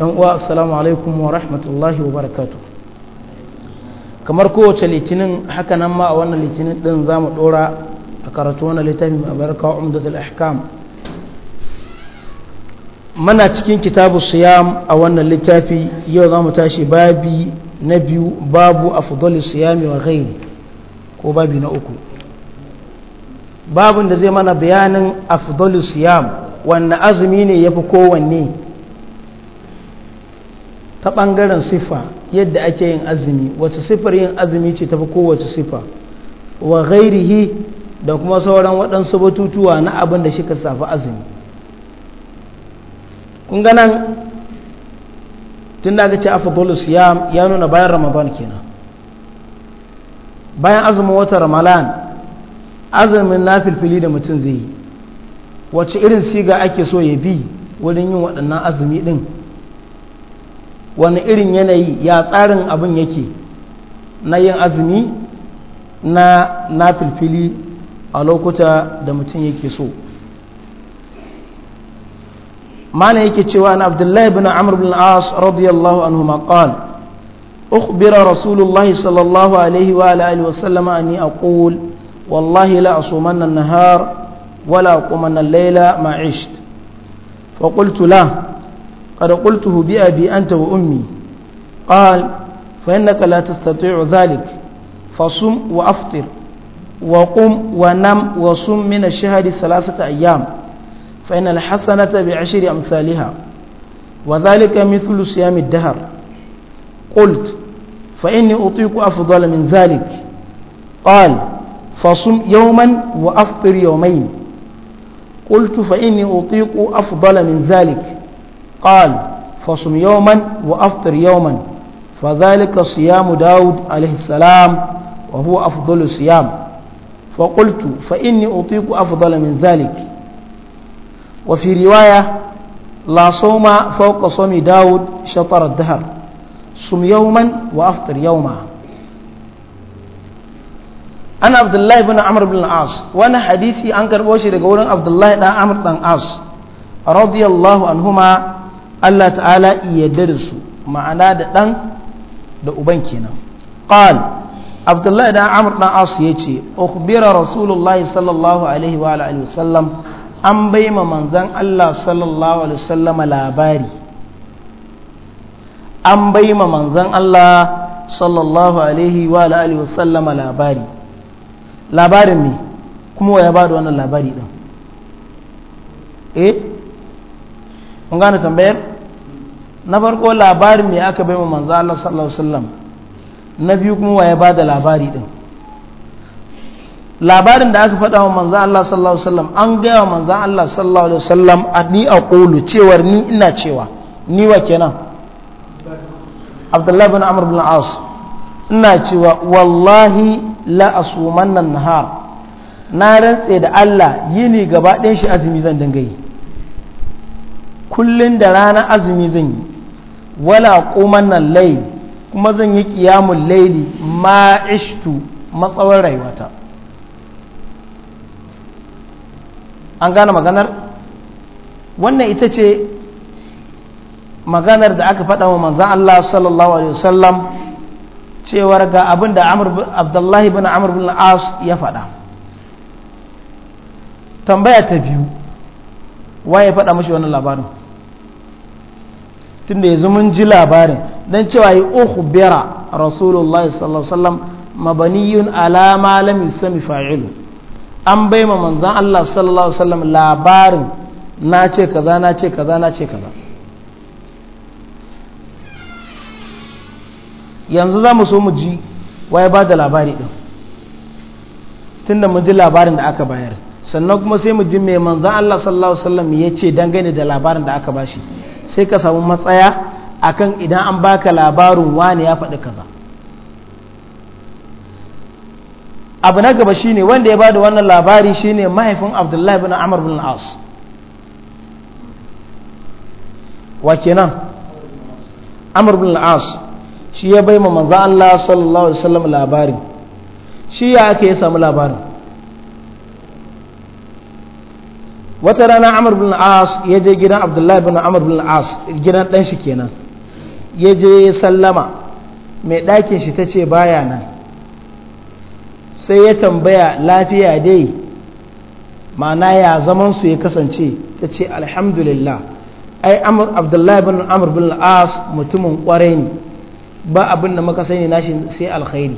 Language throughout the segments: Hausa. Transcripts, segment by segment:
yan uwa assalamu alaikum wa rahmatullahi wa barakatu kamar kowace litinin haka nan ma a wannan litinin din za mu dora a karatu wani littafin a barka umdatul ahkam mana cikin kitabu siyam a wannan littafi yau za mu tashi babi na biyu babu afdali siyami wa ghairi ko babi na uku babin da zai mana bayanin afdali siyam wanne azumi ne yafi kowanne ta ɓangaren siffa yadda ake yin azumi wata sifar yin azumi ce tafi kowace sifa wa ghairihi da kuma sauran waɗansu batutuwa na abin da shi ka safi azumi kun ganan tun da aka ce afadolus ya nuna bayan ramadan kenan bayan azumin wata ramadan azumin na filfili da mutum zai yi wacce irin siga ake so ya bi wurin yin waɗannan azumi ɗin wani irin yanayi ya tsarin abin yake na yin azumi na na filfili a lokuta da mutum yake so mana yake cewa na abdullahi bin amr bin as radiyallahu anhu maqal أخبر رسول الله صلى الله عليه وآله وسلم أني أقول والله لا أصومن النهار ولا أقومن الليل ما عشت فقلت له قد قلته بأبي أنت وأمي قال فإنك لا تستطيع ذلك فصم وأفطر وقم ونم وصم من الشهر ثلاثة أيام فإن الحسنة بعشر أمثالها وذلك مثل صيام الدهر قلت فإني أطيق أفضل من ذلك قال فصم يوما وأفطر يومين قلت فإني أطيق أفضل من ذلك قال فصم يوما وأفطر يوما فذلك صيام داود عليه السلام وهو أفضل الصيام فقلت فإني أطيق أفضل من ذلك وفي رواية لا صوم فوق صوم داود شطر الدهر صم يوما وأفطر يوما أنا عبد الله بن عمرو بن العاص وأنا حديثي أنكر وشي لقول عبد الله بن عمرو بن العاص رضي الله عنهما Allah ta'ala iya da su ma'ana da ɗan da uban kenan qal abdullahi da ɗan dan as yace ukhbira rasulullahi sallallahu alaihi wa alihi wasallam an baima manzan Allah sallallahu alaihi wasallam labari an baima manzan Allah sallallahu alaihi wa alihi labari labarin me kuma ya bada wannan labari din eh kun gane tambayar na farko labarin me aka bai wa manzo Allah sallallahu alaihi wasallam na biyu kuma waye ba da labari din labarin da aka faɗa wa manzo Allah sallallahu alaihi wasallam an gaya wa manzo Allah sallallahu alaihi wasallam ni aqulu cewar ni ina cewa ni wa kenan Abdullah bin Amr bin As ina cewa wallahi la asumanna nahar na rantse da Allah yini gaba ɗayan shi azumi zan dinga yi kullum da rana azumi zan yi wala kuma nan laili kuma zan yi kiyamun laili ma ishtu matsawar rayuwata an gane maganar wannan ita ce maganar da aka faɗa wa manzan Allah sallallahu alaihi wasallam cewar ga abin da abdullahi bin amur bin as ya faɗa tambaya ta biyu waye faɗa mashi wannan labarin tunda yanzu mun ji labarin dan cewa yi ukhbira rasulullahi sallallahu alaihi wasallam mabaniyun ala ma lam yusami fa'ilu an ma manzan Allah sallallahu alaihi wasallam labarin na ce kaza na ce kaza na ce kaza yanzu za mu so mu ji waye ba da labari din tunda mun ji labarin da aka bayar sannan kuma sai mu ji mai manzan Allah sallallahu alaihi wasallam ya ce dangane da labarin da aka bashi shi sai ka samu matsaya akan idan an baka labarin wani ya faɗi kaza abu na gaba shine wanda ya bada wannan labari shine mahaifin abdullahi bin amur bin al'as wa nan bin al'as shi ya bai ma manza Allah sallallahu alaihi wasallam labarin shi ya ake ya samu labarin wata rana amur bin as ya je gidan abdullahi bin amur bin as gidan ɗan shi kenan ya je ya sallama mai ɗakin shi ta ce baya nan sai ya tambaya lafiya dai ma'ana ya zaman su ya kasance ta ce alhamdulillah ai amur abdullahi bin amur bin as mutumin kwarai ne ba abin da muka sani nashi sai alkhairi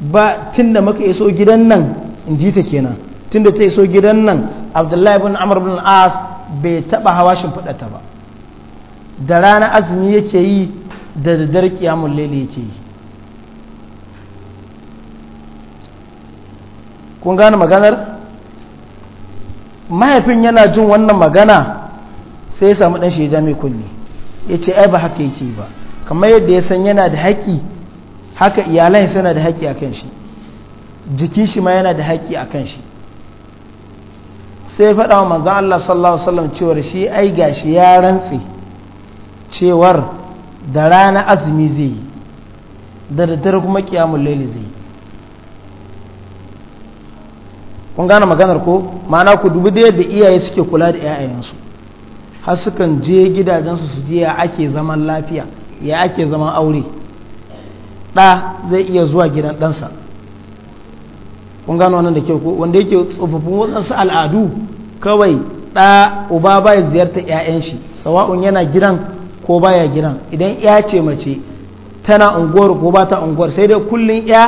ba tun da muka iso gidan nan in ji ta kenan Tun da ta iso gidan nan abdullahi bin amur bin as bai taba hawa shimfiɗata ba da rana azumi yake yi da daddare kiyamun lele yake yi kun gane maganar mahaifin yana jin wannan magana sai ya samu ɗan shaida mai kunne. ya ce ai ba haka yake ba kamar yadda ya san yana da haƙi haka iyalai suna da haƙi a kan shi jikin shi ma yana da haƙi a kan shi sai faɗa wa manzan Allah sallallahu Alaihi wasallam cewar shi ai gashi ya rantse cewar da rana azumi zai yi da daddare kuma kiyamun laili zai yi kun gane maganar ko ma'ana ku dubi da yadda iyaye suke kula da 'ya'yansu har sukan je gidajensu su je ya ake zaman lafiya ya ake zaman aure ɗa zai iya zuwa gidan ɗansa kun gano wannan da kyau ko wanda yake tsofaffin wasansu al'adu kawai ɗa uba baya ziyarta 'ya'yan shi sawa'un yana gidan ko baya gidan idan 'ya ce mace tana unguwar ko ba ta unguwar sai dai kullum 'ya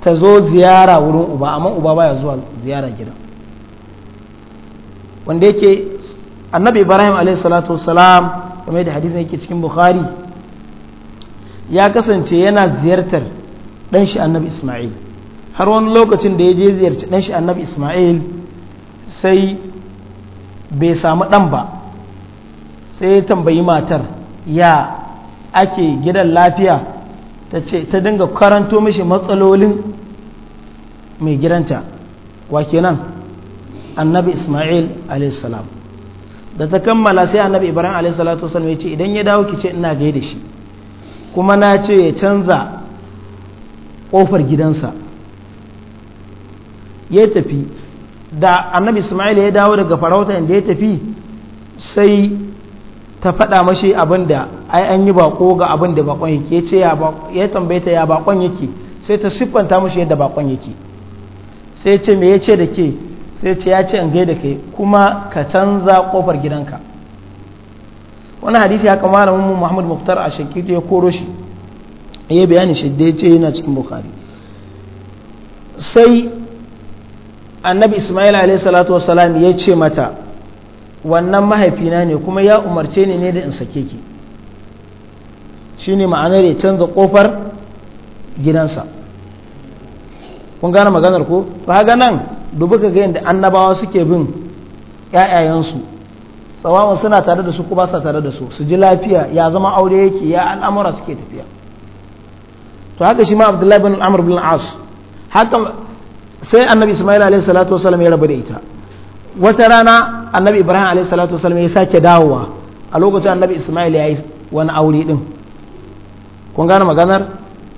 ta zo ziyara wurin uba amma uba baya zuwa ziyara gidan wanda yake annabi ibrahim alayhi salatu wasalam kamar da hadisin yake cikin bukhari ya kasance yana ziyartar dan shi annabi isma'il har wani lokacin da ya je ziyarci ɗan shi annabi ismail sai bai samu ɗan ba sai ya tambayi matar ya ake gidan lafiya ta ce ta dinga karanto mishi matsalolin mai gidanta wa nan annabi ismail alaihissalam da ta kammala sai annabi ibrahim alaihissalatu ya ce idan ya dawo ki ce ina da shi kuma na ce ya canza ƙofar gidansa ya tafi da annabi ismail ya dawo daga farauta inda ya tafi sai ta faɗa mashi abin da ai an yi bako ga abin da bakon yake ce ya tambaye ta ya bakon yake sai ta siffanta mashi yadda bakon yake sai ce me ya ce da ke sai ce ya ce an gaida kai kuma ka canza kofar gidanka wani hadisi haka malamin mu Muhammad Muktar a shakitu ya koro shi ya bayani shi da ya ce yana cikin Bukhari sai annabi ismail alaihi salatu wasalam ya ce mata wannan mahaifina ne kuma ya umarce ni ne da in sake ki shine ma'anar ya canza kofar gidansa kun gane maganar ko ba ga nan dubu ka ga da annabawa suke bin ƴaƴayensu tsawawan suna tare da su ko ba sa tare da su su ji lafiya ya zama aure yake ya al'amura suke tafiya to haka shi ma abdullahi bin amr bin as haka sai annabi ismail alaihi salatu wasallam ya rabu da ita wata rana annabi ibrahim alaihi salatu wasallam ya sake dawowa a lokacin annabi ismail ya yi wani aure din kun gane maganar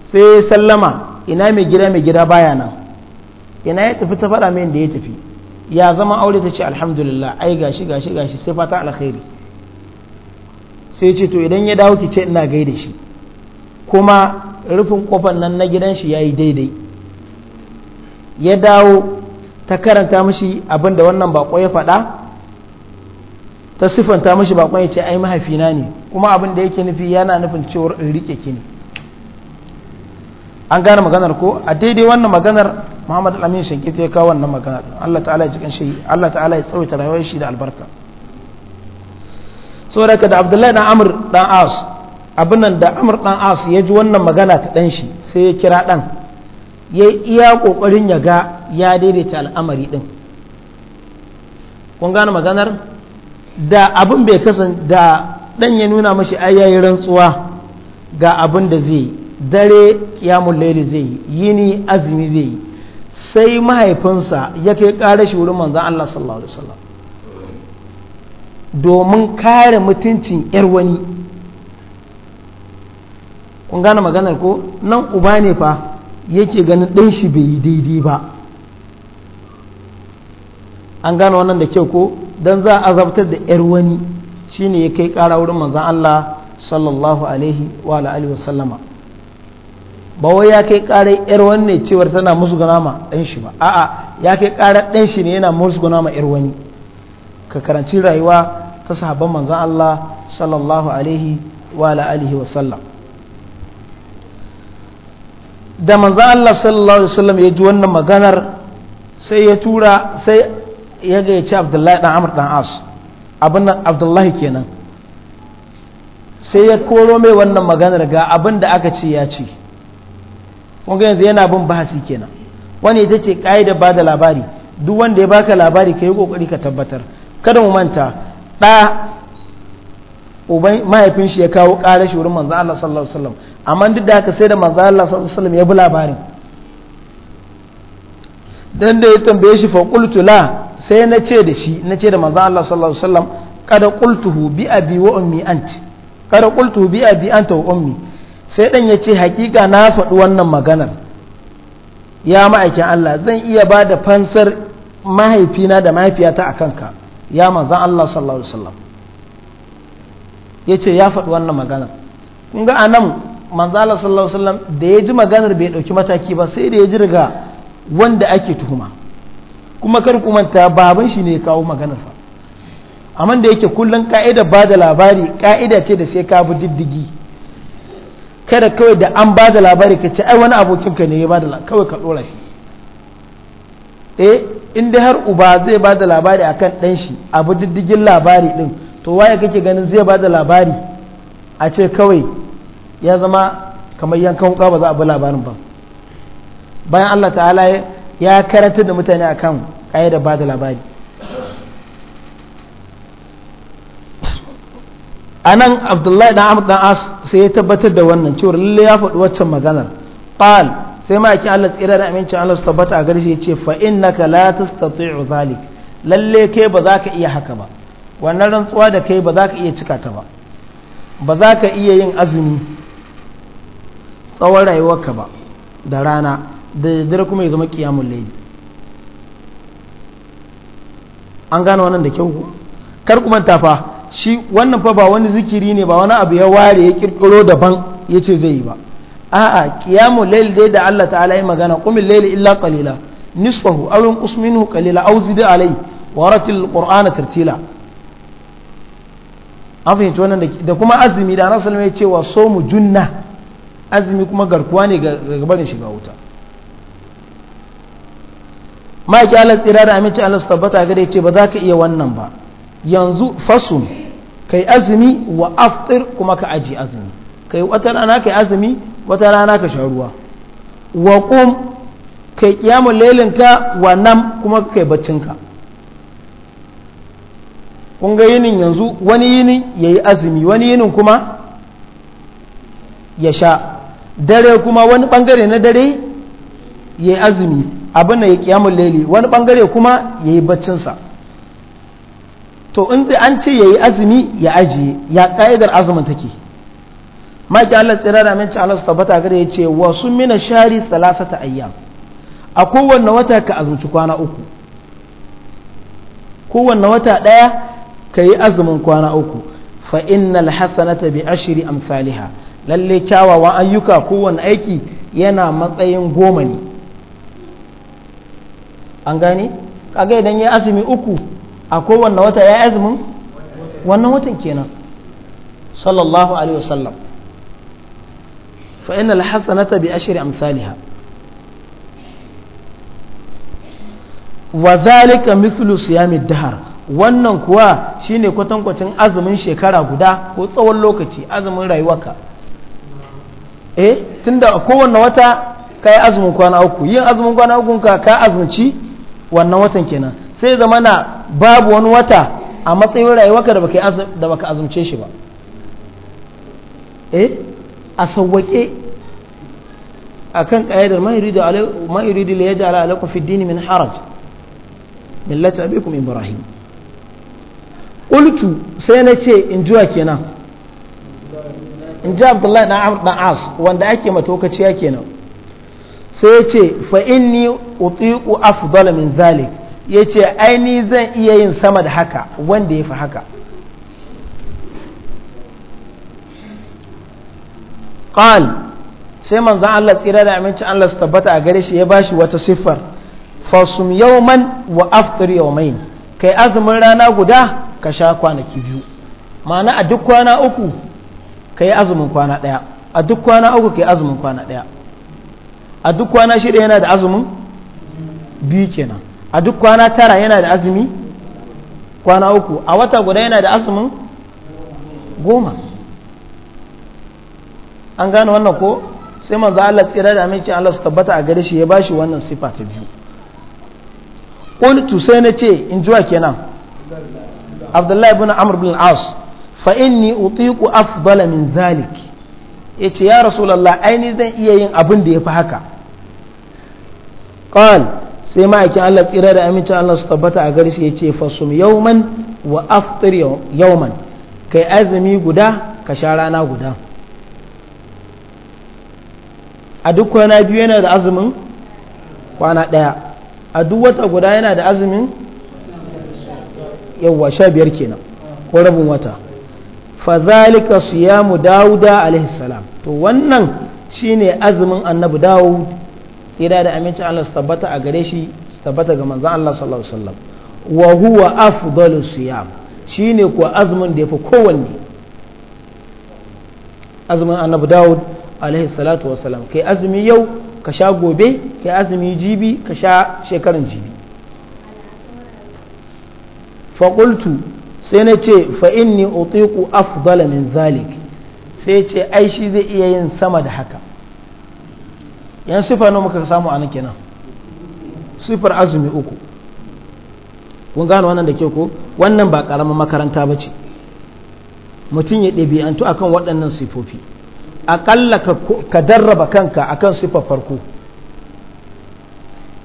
sai sallama ina mai gida mai gida baya nan ina ya tafi ta faɗa min da ya tafi ya zama aure ta ce alhamdulillah ai gashi gashi gashi sai fata alkhairi sai ce to idan ya dawo ki ce ina gaida shi kuma rufin kofar nan na gidan shi yayi daidai ya dawo ta karanta mashi abinda wannan bakon ya faɗa ta siffanta mashi bakon ya ce ai mahaifina ne kuma abin da yake nufi yana nufin cewar in rike ki ne an gane maganar ko a daidai wannan maganar Muhammadu al'amin shankita ya kawo wannan maganar allah ta'ala ya cikin shi allah ta'ala ya tsawaita rayuwar shi da albarka saboda ka da abdullahi dan amur dan as abin nan da amur dan as ya ji wannan magana ta dan shi sai ya kira dan ya iya ƙoƙarin ya ga ya daidaita al'amari ɗin kun gane maganar da abin bai kasan da ɗan ya nuna mashi ai rantsuwa ga abin da zai dare kiyamun laili zai yi ni azumi zai yi sai mahaifinsa ya kai ƙara shi wurin manzan Allah sallallahu alaihi wasallam domin kare mutuncin ‘yar wani kun gane maganar ko nan uba ne fa yake ganin ɗin shi bai yi daidai ba an gane wannan da kyau ko don za a azabtar da 'yar wani shi ne ya kai ƙara wurin manzan Allah sallallahu alaihi wa alihi wa sallama ba wai ya kai ƙara 'yar wani ne cewar tana musu gana ma ɗan shi ba a'a ya kai ƙara ɗan shi ne yana musu gana ma 'yar wani ka karanci rayuwa ta sahabban manzan Allah sallallahu alaihi wa alihi wa da manzan Allah sallallahu alaihi wasallam ya ji wannan maganar sai ya tura sai ya ga ya ci abdullahi dan amur dan as abin abdullahi kenan sai ya koro mai wannan maganar ga abin da aka ce ya ce kuma yanzu yana bin bahasi kenan wani ita ce ka'ida ba da labari duk wanda ya baka labari ka yi ƙoƙari ka tabbatar kada mu manta ɗa uban mahaifin shi ya kawo ƙara shi wurin manzo Allah sallallahu alaihi wasallam amma duk da haka sai da manzo Allah sallallahu alaihi wasallam ya bi labarin dan da ya tambaye shi fa qultu sai na ce da shi na ce da manzo Allah sallallahu alaihi wasallam kada qultuhu bi abi wa ummi anti kada qultuhu bi abi anta wa ummi sai ɗan ya ce hakika na faɗi wannan maganar ya ma'aikin Allah zan iya ba da fansar mahaifina da mahaifiyata a kanka ya manzan Allah sallallahu alaihi wasallam ya ce ya faɗi wannan maganar kun ga a nan manzala sallallahu wasallam da ya ji maganar bai ɗauki mataki ba sai da ya ji daga wanda ake tuhuma kuma kar ku manta baban shi ne ya kawo maganar fa amma da yake kullum ka'ida ba da labari ka'ida ce da sai ka bi diddigi kada kawai da an ba da labari ka ce ai wani abokin ka ne ya ba da labari kawai ka ɗora shi eh in dai har uba zai ba da labari akan dan shi abu diddigin labari ɗin to waye kake ganin zai ba da labari a ce kawai ya zama kamar yankan wuka ba za a bi labarin ba bayan Allah ta'ala ya karanta da mutane akan da ba da labari a nan abdullahi dan amur dan as sai ya tabbatar da wannan cewar lalle ya faɗi waccan maganar qal sai ma yake Allah tsira da amincin Allah su tabbata a shi ya ce fa innaka la tastati'u zalik lalle kai ba za ka iya haka ba wannan rantsuwa da kai ba za ka iya cika ta ba ba za ka iya yin azumi tsawon rayuwarka ba da rana da dare kuma ya zama kiyamun laili an gano wannan da kyau kar kuma tafa shi wannan fa ba wani zikiri ne ba wani abu ya ware ya kirkiro daban ya ce zai yi ba a'a kiyamun laili dai da Allah ta'ala yi magana kumin laili illa qalila nisfahu aw yanqus minhu qalila aw zid alai waratil ratil qur'ana tartila an fahimci wannan da kuma azumi da ya ce cewa so mu junna azumi kuma garkuwa ne ga gabarin shiga wuta maki ala tsira da aminci ala su tabbata ya ce ba za ka iya wannan ba yanzu fasun kai azumi wa aftir kuma ka aji azumi kai wata rana kai azumi wata rana ka sharuwa ruwa wa ka kai kyamun lelinka wa nam kuma kai baccinka kun ga yinin yanzu wani yinin ya yi azumi wani yinin kuma ya sha dare kuma wani bangare na dare ya yi azumi abin da ya kiyamun laili wani bangare kuma ya yi baccinsa to in zai an ce ya yi azumi ya ajiye ya ka'idar azumin take maki allah tsira da minci allah su tabbata gare ya ce wasu mina shari ta ayyam a kowanne wata ka azumci kwana uku kowanne wata ɗaya ka yi azumin kwana uku fa innal hasanata bi ashri amsalha lalle kyawawan ayyuka kowane aiki yana matsayin goma ne an gane kaga idan ya azumi uku a kowanne wata ya azumin wannan watan kenan sallallahu alaihi wasallam fa innal hasanata bi ashri amsalha wa zalika mithlu siyamid dahar wannan kuwa shine kwatankwacin azumin shekara guda ko tsawon lokaci azumin rayuwarka eh tunda kowanne wata ka yi azumin kwana uku yin azumin kwana uku ka ka azumci wannan watan kenan sai zama na babu wani wata a matsayin rayuwarka da baka da baka azumce shi ba eh a sawwake akan kan ma yuridu ma yuridu li yaj'ala alakum fid min haraj millata abikum ibrahim ƙultu sai na ce in juwa kenan in ji abdullahi na as wanda ake matokaciya kenan sai ya ce ni inni utiqu afdala min zalik ya ce aini zan iya yin sama da haka wanda ya fi haka ƙal sai manzan Allah tsira da amincin Allah su tabbata a gare shi ya ba shi wata siffar fasum man wa yau mai kai azumin rana guda ka sha kwanaki biyu ma'ana a duk kwana uku ka yi azumin kwana ɗaya a duk kwana uku ka yi azumin kwana ɗaya a duk kwana shida yana da azumin biyu kenan a duk kwana tara yana da azumi kwana uku a wata guda yana da azumin goma an gane wannan ko sai manzo Allah tsira da aminci Allah su tabbata a gare shi ya bashi wannan sifa ta biyu qultu sai na ce in jiwa kenan abdullah ibn amr bin as fa inni utiqu afdala min zalik yace ya rasulullah aini zan iya yin abin da yafi haka qal sai ma'aikin Allah tsira da amincin Allah su tabbata a gari shi yace fasum yawman wa aftir yawman kai azumi guda ka sha rana guda a duk kwana biyu yana da azumin kwana ɗaya a duk wata guda yana da azumin yawwa sha biyar kenan ko rabin wata fazalika siyamu dawuda alaihi salam to wannan shine azumin annabi dawud tsira da aminci Allah su tabbata a gare shi su tabbata ga manzon Allah sallallahu alaihi wasallam wa huwa afdalu siyam shine ko azumin da yafi kowanne azumin annabi dawud alaihi salatu wasallam kai azumi yau ka sha gobe kai azumi jibi ka sha shekaran jibi faƙultu sai na ce fa'in ni otiku afdala min zalik sai ce ai shi zai iya yin sama da haka yan sifa ne muka samu a nake nan siffar sifar azumi uku kun gano wannan da ke ko wannan ba ƙaramin makaranta ba ce mutum ya ɗabi'antu akan waɗannan sifofi aƙalla ka darraba kanka akan sifar farko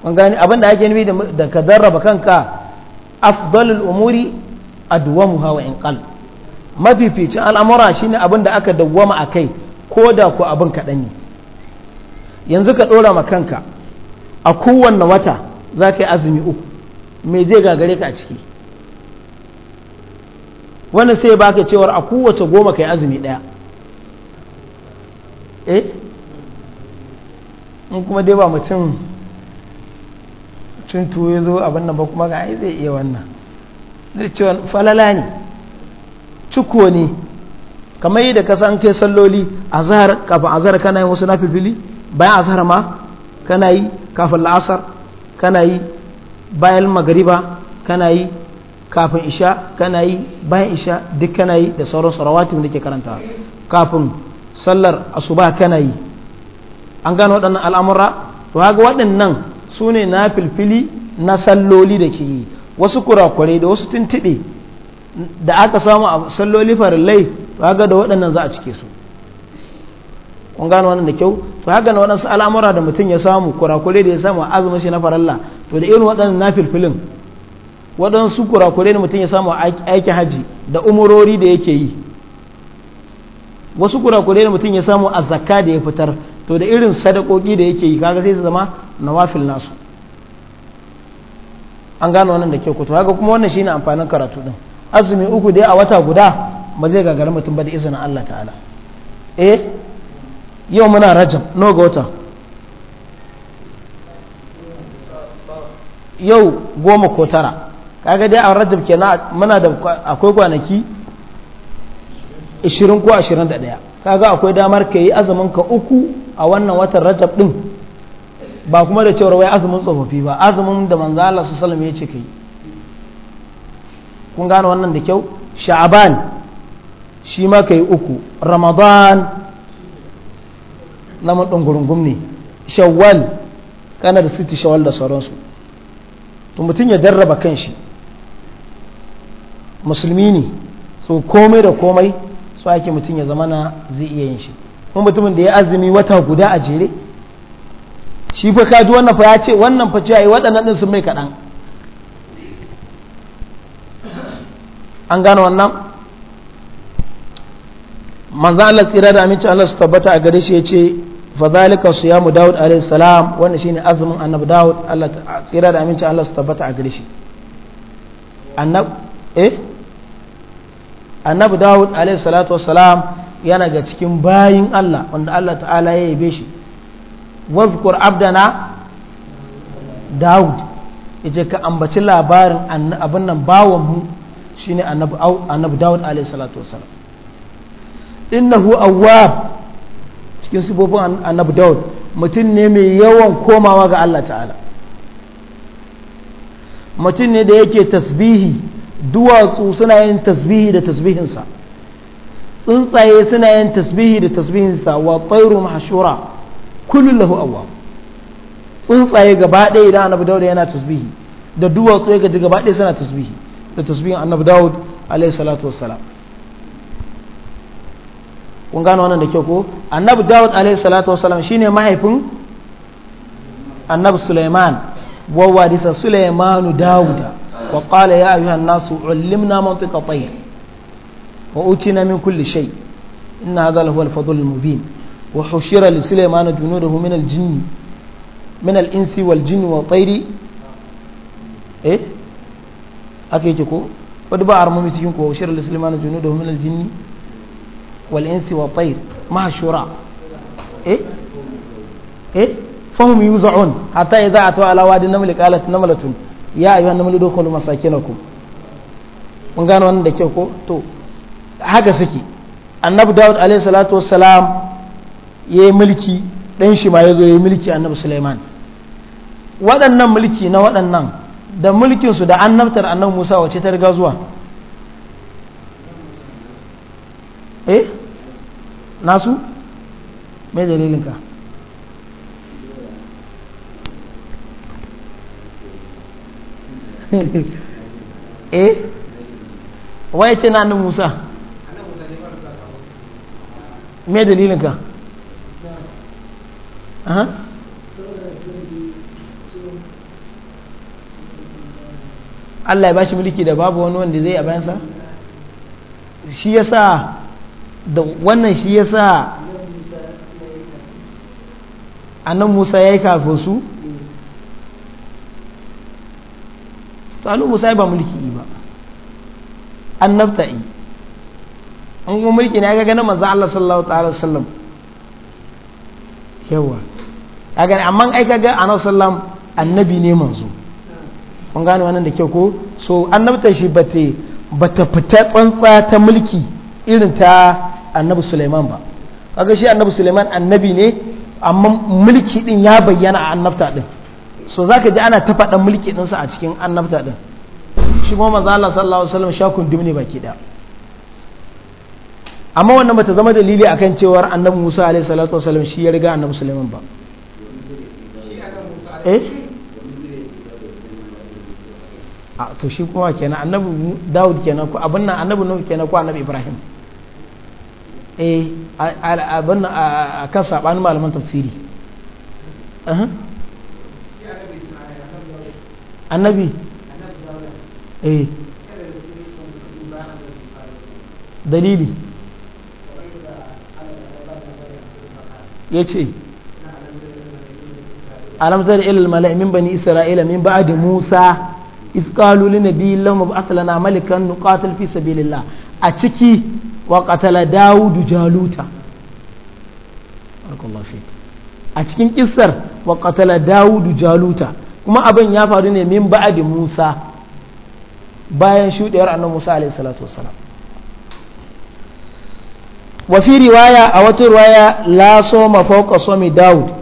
kun gani abinda ake nufi da ka darraba kanka afdalul umuri adwamuha wa in qal mafificin al'amura shine abin da aka dawwama a kai ko da ku abin kaɗan ne yanzu ka ɗora ma kanka a kowanne wata za ka yi azumi uku me zai gagare ka a ciki wani sai baka cewar a kowace goma ka yi azumi ɗaya eh in kuma dai ba mutum tun tuwo ya zo abin nan ba kuma ga ai zai iya wannan zai ce falala ne cikuwa ne kamar yi da ka san kai salloli zahar kafin ka kana yi wasu nafifili bayan zahar ma kana yi kafin la'asar kana yi bayan magariba kana yi kafin isha kana yi bayan isha duk kana yi da sauran sarawatun da ke karanta kafin sallar asuba kana yi an gano waɗannan al'amura to haka waɗannan su ne na filfili na salloli da ke yi wasu kurakurai da wasu tuntuɗe da aka samu a salloli farillai to haka da waɗannan za a cike su kun gano wannan da kyau to haka na waɗansu al'amura da mutum ya samu kurakurai da ya samu a azumin shi na farilla to da irin waɗannan na filfilin waɗansu kurakurai da mutum ya samu aiki haji da umurori da yake yi wasu kurakurai da mutum ya samu a zakka da ya fitar to da irin sadakoki da yake yi kaga sai su zama nawafil nasu an gano wannan da ke kuto haka kuma wannan shine amfanin karatu din azumi uku dai a wata guda ba zai gagari mutum ba da izinin Allah ta'ala eh yau muna rajab no ga wata yau goma ko tara kaga dai a rajab kenan muna da akwai kwanaki 20 ko 21 kaga akwai damar ka yi azumin ka uku a wannan watan rajab din ba kuma da cewar wai azumin tsofaffi ba azumin da manzo Allah sallallahu alaihi wasallam ya ce kai kun gane wannan da kyau sha'aban shi ma kai uku ramadan lamun din gurungum ne shawwal kana da siti shawwal da sauransu to mutum ya jarraba kanshi musulmi ne so komai da komai so ake mutum ya zamana zai iya yin shi kuma mutumin da ya azumi wata guda a jere shi fa ji wannan fa ya ce wannan fa ce ai waɗannan din sun mai kaɗan an gano wannan manzo Allah tsira da aminci Allah su tabbata a gare shi ya ce fa zalika siyamu daud alayhi salam wannan shine azumin annabi daud Allah tsira da aminci Allah su tabbata a gare shi annab eh annabi dawud alaihi salatu wassalam yana ga cikin bayin Allah wanda Allah ta'ala ya yabe shi wazkur abdana dawud yace ka ambaci labarin abin nan bawan mu shine annabi annabi dawud alaihi salatu wassalam innahu awwab cikin sifofin annabi dawud mutum ne mai yawan komawa ga Allah ta'ala mutum ne da yake tasbihi duwatsu suna yin tasbihi da tasbihinsa tsuntsaye suna yin tasbihi da tasbihinsa wa tsairu mahashura kullum lahu awa tsuntsaye gaba ɗaya idan annabi dawud yana tasbihi da duwatsu ya gaji gaba ɗaya suna tasbihi da tasbihin annabi dawud alaihi salatu wassalam kun gano wannan da kyau ko annabi dawud alaihi salatu wassalam shine mahaifin annabi sulaiman wa disa sulaimanu dawuda وقال يا أيها الناس علمنا منطق طير وأوتينا من كل شيء إن هذا هو الفضل المبين وحشر لسليمان جنوده من الجن من الإنس والجن والطير إيه أكيتكو ودبا أرمومي تيكو وحشر لسليمان جنوده من الجن والإنس والطير مع الشراء إيه إيه فهم يوزعون حتى إذا أتوا على وادي النمل قالت نملة ya ayyuhan namu dukhulu ku mun gano wannan da kyau ko to haka suke annabi daud alaihi salatu wassalam yi mulki dan shi ma ya yi mulki annabi Suleiman waɗannan mulki na waɗannan da mulkinsu da da annabtar annabi musa wace ta riga zuwa eh nasu mai dalilinka eh waye ce na Musa me dalilin ka aha Allah ya bashi mulki da babu wani wanda zai a sa. shi yasa da wannan shi yasa annan Musa ya yi kafin su to annabi musa ba mulki ba an yi an kuma mulki ne ga ganin manzo Allah sallallahu ta'ala sallam yawa a gani amma ai ga anas sallam annabi ne manzo kun gane wannan da kyau ko so annabta shi bata bata fita tsantsa ta mulki irin ta annabi Sulaiman ba kaga shi annabi Sulaiman annabi ne amma mulki din ya bayyana a annabta din so za ka ji ana ta faɗan mulki ɗinsa a cikin annabta ɗin shi kuma maza Allah sallallahu alaihi wasallam shakun dum ne baki ɗaya amma wannan bata zama dalili akan cewar annabi Musa alaihi salatu wasallam shi ya riga annabi Sulaiman ba eh a to shi kuma kenan annabi Dawud kenan ko abin nan annabi Nuh kenan ko annabi Ibrahim eh abin a kan sabanin malaman tafsiri annabi eh dalili ya ce alam ilil ilal mala'i min bani isra'ila min ba'di musa iz qalu lin nabiyyin lahum ba'ath lana malikan nuqatil fi sabilillah a ciki wa qatala daud jaluta barakallahu fik a cikin kissar wa qatala daud jaluta kuma abin ya faru ne min da Musa bayan shuɗiyar annan Musa alaihi salatu wassalam wafi riwaya a wata riwaya la soma fawqa somi Dawud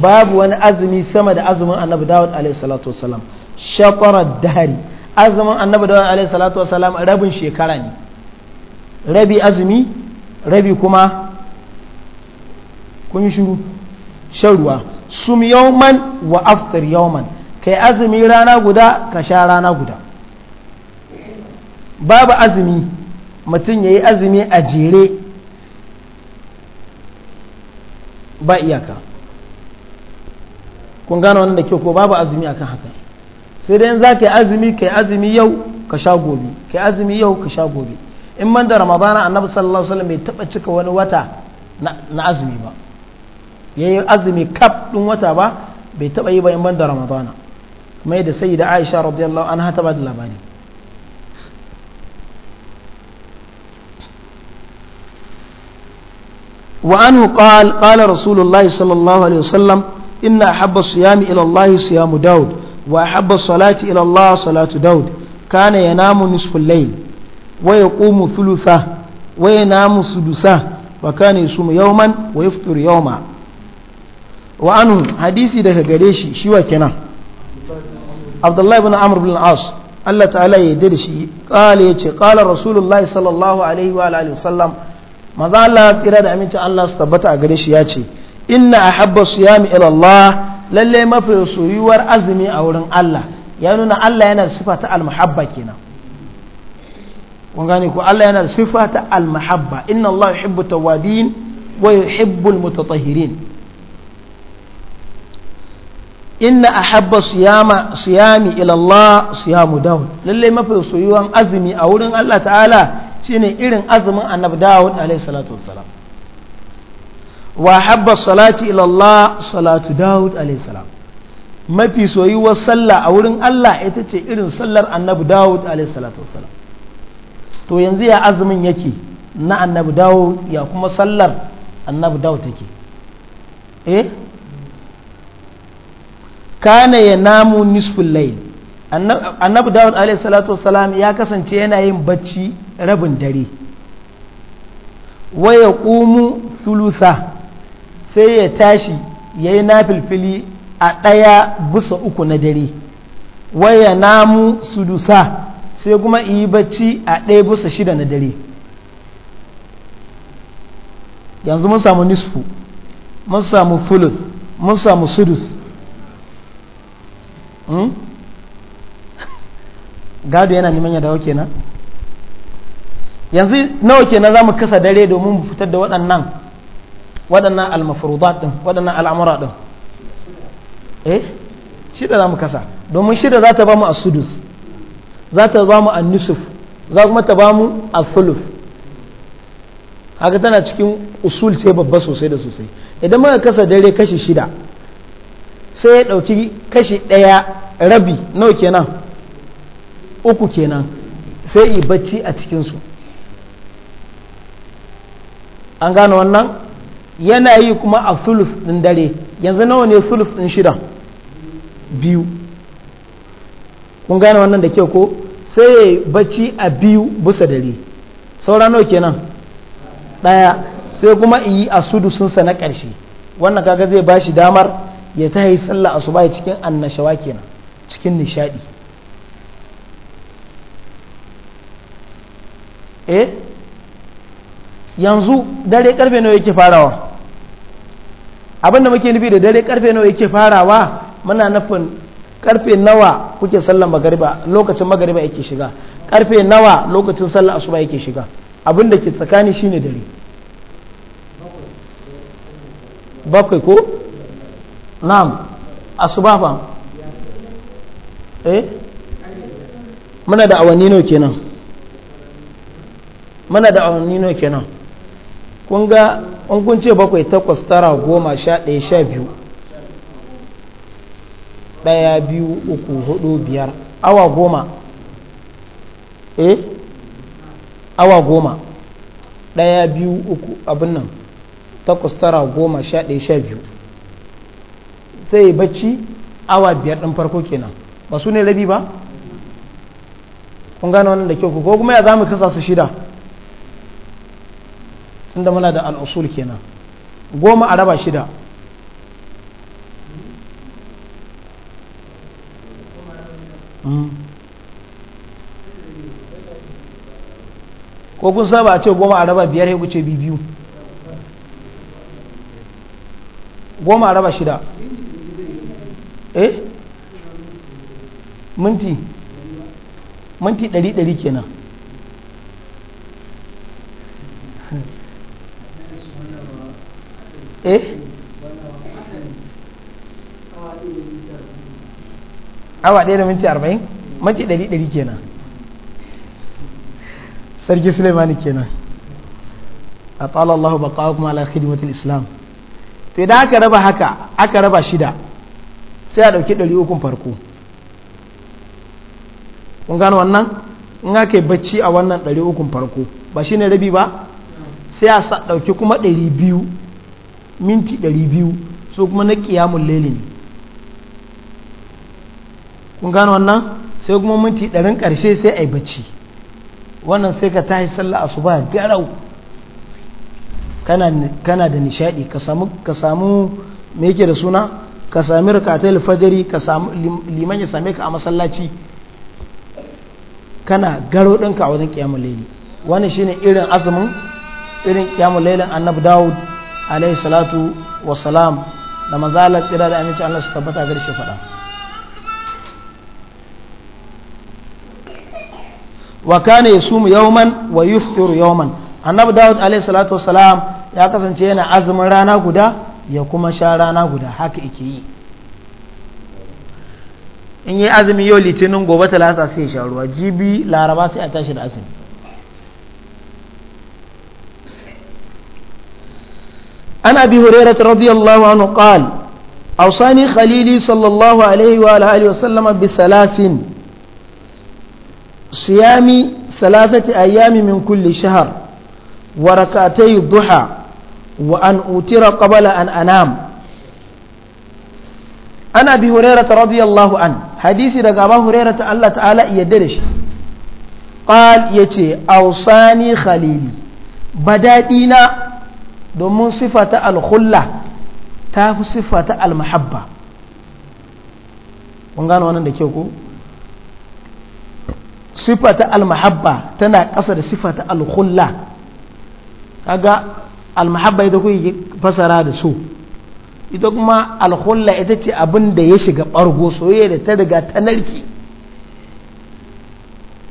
babu wani azumi sama da azumin annabi Dawud alaihi salatu wassalam shatara dahari azumin annabi Dawud alaihi salatu wassalam rabin shekara ne rabi azumi rabi kuma kun shuru sharuwa shan ruwa sum wa afkar man. ka yi azumi rana guda ka sha rana guda babu azumi mutum ya yi azumi a jere ba iyaka kun gano wannan da ke ko babu azumi akan haka sai dai za ka yi azumi ka yi azumi yau ka sha gobe ka yi azumi yau ka sha gobe in man da ramadana annabi sallallahu alaihi wasallam bai taba cika wani wata na azumi ba yi azumi kaf din wata ba bai taba yi ba in ban da ramadana mai da sai da aisha radiyallahu anha ta ba da labari وعنه قال قال رسول الله صلى الله عليه وسلم إن أحب الصيام إلى الله صيام داود وأحب الصلاة إلى الله صلاة داود كان ينام نصف الليل ويقوم ثلثه وينام سدسه وكان يصوم يوما ويفطر يوما وعنه حديثي ده غريشي شيوا كنا abdullahi bin Amur bin as Allah ta'ala ya yarda da shi kala ya ce kala rasulullah sallallahu alaihi wa alihi wasallam maza Allah tsira da amincin Allah su tabbata a gare shi ya ce inna ahabba siyami ila Allah lalle mafi soyuwar azumi a wurin Allah ya nuna Allah yana da sifa ta almuhabba kenan kun gane ko Allah yana da sifa ta almuhabba inna Allah yuhibbu tawadin wa yuhibbul mutatahhirin inna ahabba siyama siyami ila Allah siyamu Dawud lalle mafi soyuwan azumi a wurin Allah ta'ala shine irin azumin annabi Dawud alaihi salatu wassalam wa habba salati ila Allah salatu Dawud alaihi salam mafi soyuwar sallah a wurin Allah ita ce irin sallar annabi Dawud alaihi salatu wassalam to yanzu ya azumin yake na annabi Dawud ya kuma sallar annabi Dawud take eh kana ya namu nisful layl annabi daud alayhi salatu wassalam ya kasance yana yin bacci rabin dare wa ya qumu thulutha sai ya tashi yayi nafilfili a ɗaya busa uku na dare wa ya namu sudusa sai kuma yi bacci a ɗaya busa shida na dare yanzu mun samu nisfu mun samu thuluth mun samu sudus Hmm? gado yana neman ya dawo kenan yanzu nawa kenan za mu kasa dare domin mu fitar da waɗannan waɗannan almafurudat ɗin waɗannan al'amura ɗin eh shida za mu kasa domin shida za ta ba mu a sudus za ta ba mu a nusuf za kuma ta ba mu a fuluf haka tana cikin usul ce babba sosai da sosai idan muka kasa dare kashi shida sai ya ɗauki kashi ɗaya rabi nawa kenan uku kenan sai yi bacci a cikinsu an gano wannan yana yi kuma a sulus ɗin dare yanzu nawa ne sulus ɗin shida biyu kun gane wannan da kyau ko sai ya bacci a biyu busa dare saura nawa kenan ɗaya sai kuma yi a sudusunsa na ƙarshe wannan kaga zai ba shi damar ya ta yi sallah asuba cikin annashawa kenan cikin nishadi eh yanzu dare karfe nawa yake farawa abinda muke nufi da dare karfe nawa yake farawa muna nufin karfe nawa kuke sallan magariba lokacin magariba yake shiga karfe nawa lokacin sallar asuba yake shiga abinda ke tsakani shine dare bakwai ko na'am asuba eh muna da awanni nawa kenan muna da awanni nawa kenan kun ga in kun ce bakwai takwas tara goma sha ɗaya sha biyu ɗaya biyu uku hudu biyar eh? awa goma ɗaya biyu uku abin nan takwas tara goma sha ɗaya sha biyu sai ya bacci awa biyar ɗin farko kenan ba su ne rabi ba kun gane wannan da kyau ko kuma ya za mu kasa su shida inda muna da al'usul kenan goma a raba shida hmm. ko kun saba a ce goma a raba biyar ya kuce biyu goma a raba shida eh minti minti ɗari ɗari kenan eh awa ɗaya da minti arba'in minti ɗari ɗari kenan sarki suleimani kenan a tsala Allah ba kawo kuma ala khidmatul islam to idan aka raba haka aka raba shida sai a ɗauki ɗari ukun farko kun gano wannan in aka yi bacci a wannan ɗari ukun farko ba shi ne rabi ba sai a ɗauki kuma ɗari biyu minti ɗari biyu so kuma na ƙiyamun lele ne kun gano wannan sai kuma minti ɗarin ƙarshe sai a yi bacci wannan sai ka tashi sallah ba garau kana da nishaɗi ka samu me yake da suna ka sami rakatul fajri ka samu liman ya same ka a masallaci kana garo ɗinka a wajen kiyamul layli wani shine irin azumin irin kiyamul lailin annabi Dawud alaihi salatu wa salam da manzo Allah tsira da aminci Allah su tabbata ga shi faɗa wa kana yasumu yawman wa yuftiru yawman annabi Dawud alaihi salatu wa salam ya kasance yana azumin rana guda ya kuma sha rana guda haka ike yi in yi azumi yau litinin gobe talata sai ya sha ruwa jibi laraba sai a tashi da azumi an abi hurairah radiyallahu anhu qal awsani khalili sallallahu alaihi wa alihi wa sallama bi thalathin siyami thalathati ayami min kulli shahr wa rak'atay duha wa an utira qabala an anam an abi hurairata radiyallahu an hadisi daga abu hurairata Allah ta'ala yadda da shi qal yace ausani khalili badadi na domin sifata al-khulla ta sifata al-mahabba sifata al-mahabba tana ƙasa da sifata al-khulla kaga almahabba ita yi fasara da so ita kuma alhulla ita ce abin da ya shiga ɓargo soyayya da ta riga ta narki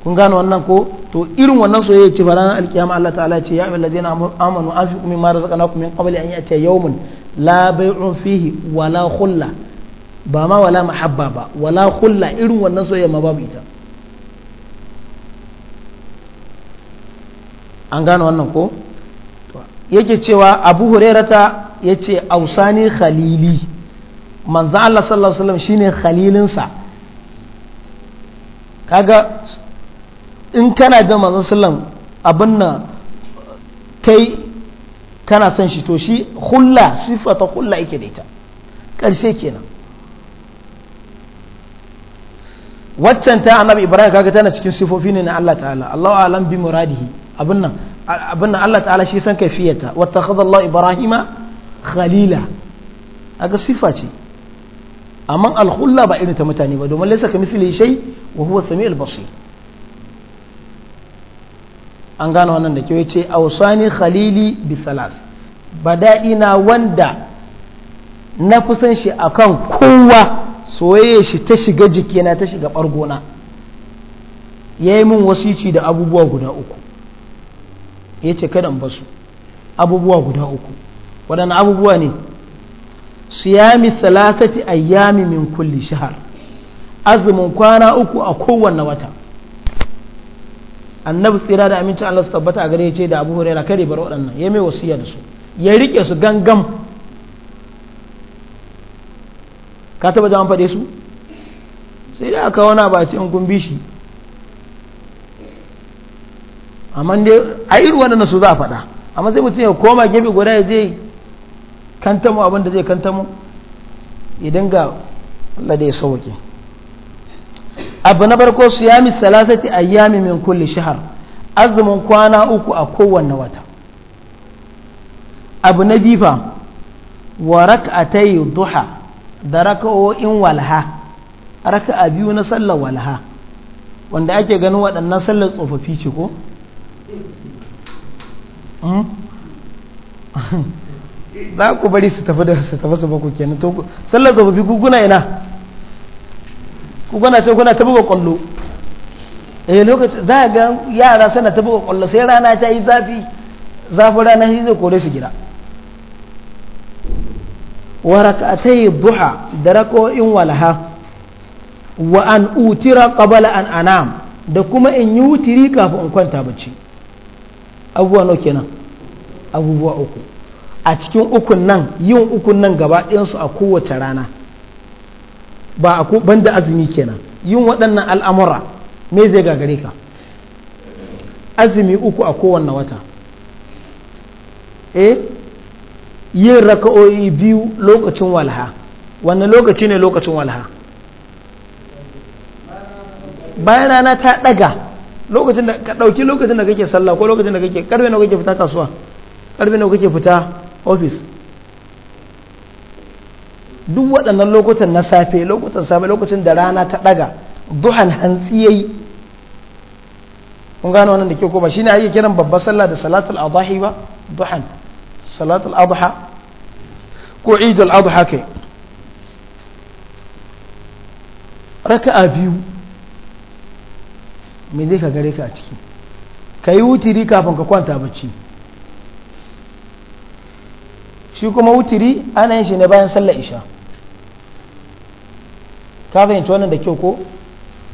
kun gano wannan ko to irin wannan soyayya ce ranar alkiyama Allah ta'ala ce ya ayyuhal ladina amanu anfiqu mimma razaqnakum min qabli an ya'tiya yawmun la bay'un fihi wala khulla ba ma wala mahabba ba wala khulla irin wannan soyayya ma babu ita an gano wannan ko yake cewa abu hurairata ya ce ausani khalili manzan Allah sallallahu Alaihi wasallam shine khalilinsa kaga in kana da manzan sallam abin na kai kana son shi to shi hulla sifata hulla yake da ita ƙarshe kenan waccan ta annabi ibrahim kaga tana cikin sifofi ne na Allah ta'ala Allah alam bi muradihi abin nan abin Allah ta'ala shi san kafiyata wata Allah Ibrahima khalila aga sifa ce amma alhulla ba irin ta mutane ba domin laisa kamithli shay wa huwa samiul basir an gano wannan da kyau yace awsani khalili bi salas badai na wanda na fi san shi akan kowa soyayya shi ta shiga jikina ta shiga bargona yayi min wasici da abubuwa guda uku ya ce kada in basu abubuwa guda uku waɗanne abubuwa ne su yami salasati ayyami min kulli shahar azumin kwana uku a kowanne wata annabi tsira da amincin Allah su tabbata a gare ya ce da abu na kare bar waɗannan ya mai wasiya da su ya rike su gangam ka taba jaman faɗe su sai da aka wani ba in kun shi amma dai a irin waɗannan su za a faɗa amma sai mutum ya koma gefe guda ya je kanta abin da zai mu. ya dinga Allah da ya sauke abu na farko su yami salasati yami min kulli shahar azumin kwana uku a kowanne wata abu na bifa wa yi duha da raka'o'in walha raka'a biyu na sallar walha wanda ake ganin waɗannan sallar tsofaffi ce ko Hmm? za ku bari su tafi da su tafi su baku kenan to sallar tsofaffi kuguna ina kuguna ce kuna tabi kwallo eh lokaci za ga yara sana tabi kwallo sai rana ta yi zafi zafi rana shi zai kore su gida wa raka'atai duha da rako'in walaha wa an utira qabala an anam da kuma in yi wutiri kafin in kwanta bacci abubuwa nawa kenan abubuwa uku a cikin ukun nan yin ukun nan gaba su a kowace rana ba a banda azumi kenan yin waɗannan al'amura me zai gagare ka azumi uku a kowanne wata eh yin raka'o'i biyu lokacin walha wannan lokaci ne lokacin walha bayan rana ta ɗaga lokacin da ka dauki lokacin da kake sallah ko lokacin da kake karfe nawa kake fita kasuwa karfe nawa kake fita office duk waɗannan lokutan na safe lokutan safe lokacin da rana ta daga duhan hantsi yayi kun gano wannan da ke ko ba shine ake kiran babbar sallah da salatul adhi ba duhan salatul adha ko idul adha kai raka'a biyu me zai ka gare ka a ciki ka yi wutiri kafin ka kwanta bacci shi kuma wutiri ana yin shi ne bayan sallar isha ka fahimci wannan da kyau ko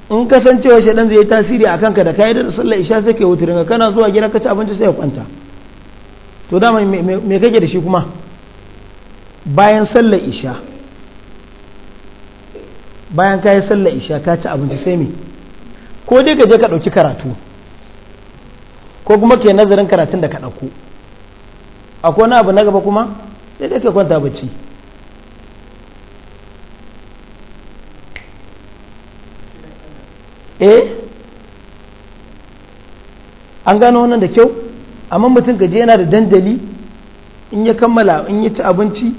in kasancewa shaɗan zai yi tasiri a kanka da kayi da sallar isha sai ka yi wutirin ka kana zuwa gida ka ci abinci sai ya kwanta to dama me kake da shi kuma bayan sallar isha bayan ka yi sallar isha ka ci abinci sai me ko dai ka je ka ɗauki karatu ko kuma ke nazarin karatun da ka ɗauko akwai wani abu na gaba kuma sai dai ka kwanta bacci eh an gano wannan da kyau amma mutum gaje yana da dandali in ya kammala in ya ci abinci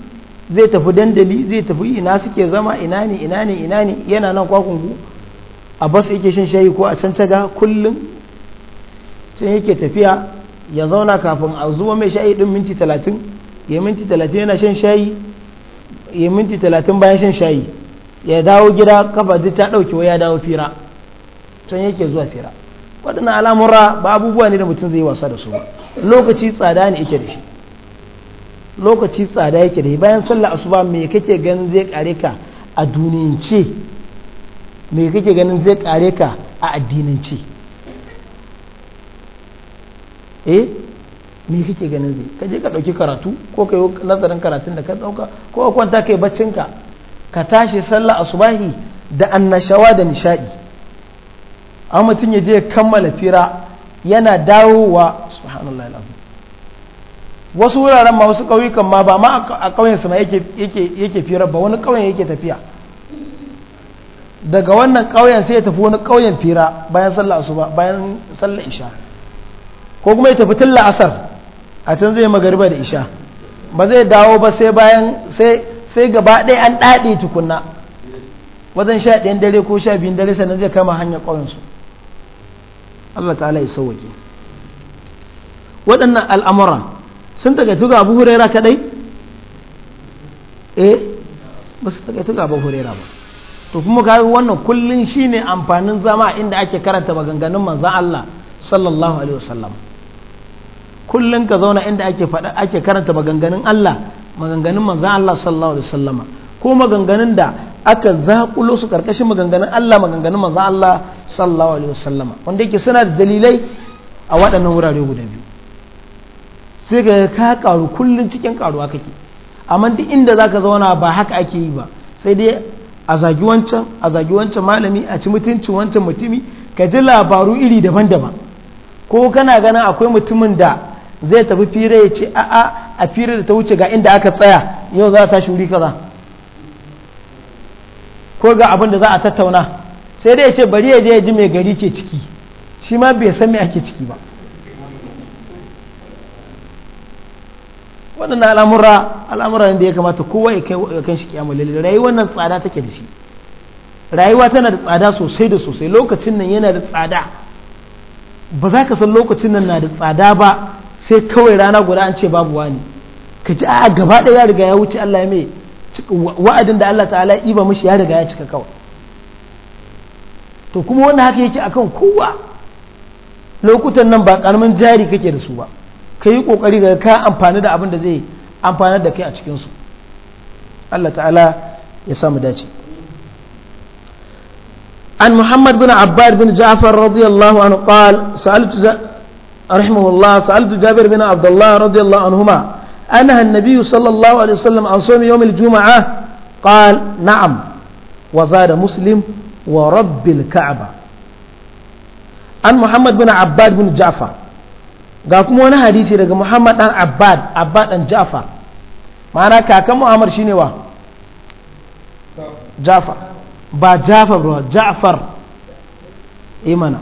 zai tafi dandali zai tafi ina suke zama ina ne ina ne ina ne yana nan kwakungu a bas yake shan shayi ko a can taga kullum can yake tafiya ya zauna kafin a zuwa mai shayi din minti talatin ya minti talatin yana shan shayi ya minti talatin bayan shan shayi ya dawo gida kafa duk ta ɗauke wa ya dawo fira can yake zuwa fira waɗannan al'amura ba abubuwa ne da mutum zai wasa da su ba lokaci tsada ne yake da shi lokaci tsada yake da shi bayan sallah asuba me kake ganin zai kare ka a duniyance me kake ganin zai kare ka a addinance eh me kake ganin zai ka ka ɗauki karatu ko ka nazarin karatun da ka ɗauka ko ka kwanta ka yi baccinka ka tashi sallah asubahi da annashawa da nishaɗi amma mutum ya je kammala fira yana dawowa subhanallah alazim wasu wuraren ma wasu ƙauyukan ma ba ma a ƙauyen ma yake yake fira ba wani kauyen yake tafiya daga wannan ƙauyen sai ya tafi wani ƙauyen fira bayan sallah asuba bayan sallah isha ko kuma ya tafi tun la'asar a can zai magariba da isha ba zai dawo ba sai bayan sai gaba ɗaya an ɗaɗe tukunna wajen sha ɗayan dare ko sha biyun dare sannan zai kama hanyar ƙauyensu Allah ta'ala ya sauwaƙe waɗannan al'amura sun takaitu ga abu hurera kaɗai eh ba su takaitu ga abu hurera ba to kuma ga wannan kullun shine amfanin zama inda ake karanta maganganun manzon Allah sallallahu alaihi wasallam kullun ka zauna inda ake faɗa ake karanta maganganun Allah maganganun manzon Allah sallallahu alaihi wasallam ko maganganun da aka zaƙulo su karkashin maganganun Allah maganganun manzon Allah sallallahu alaihi wasallam wanda yake suna da dalilai a waɗannan wurare guda biyu sai ga ka karu kullun cikin karuwa kake amma duk inda zaka zauna ba haka ake yi ba sai dai a zagi wancan a zagi wancan malami a ci mutuncin wancan mutumi ka ji labaru iri daban-daban ko kana gana akwai mutumin da zai tafi fira ya ce a'a a fira da ta wuce ga inda aka tsaya yau za a tashi wuri kaza ko ga abin da za a tattauna sai dai ya ce bari ya je ya ji mai gari ke ciki shi ma bai san me ake ciki ba waɗannan al'amura al'amura da ya kamata kowa ya kan shi kiyamul laili rayuwar nan tsada take da shi rayuwa tana da tsada sosai da sosai lokacin nan yana da tsada ba za ka san lokacin nan na da tsada ba sai kawai rana guda an ce babu wani ka ji a gaba ɗaya ya riga ya wuce Allah mai wa'adin da Allah ta'ala iba mishi ya riga ya cika kawai to kuma wannan haka yake akan kowa lokutan nan ba ƙaramin jari kake da su ba ka yi kokari ga ka amfani da abin da zai amfani da kai a cikinsu Allah ta'ala ya samu dace an muhammad bin abbad bin ja'far radiyallahu anhu qal sa'altu rahimahullah sa'altu jabir bin abdullah radiyallahu anhuma أنهى النبي صلى الله عليه وسلم عن صوم يوم الجمعة قال نعم muslim wa ورب الكعبة an muhammad bin عباد bin jafar. ga kuma wani hadisi daga muhammad dan abbad abbad dan jafar ma'ana kakan muhammad ne wa jafar ba jafar ba jafar imana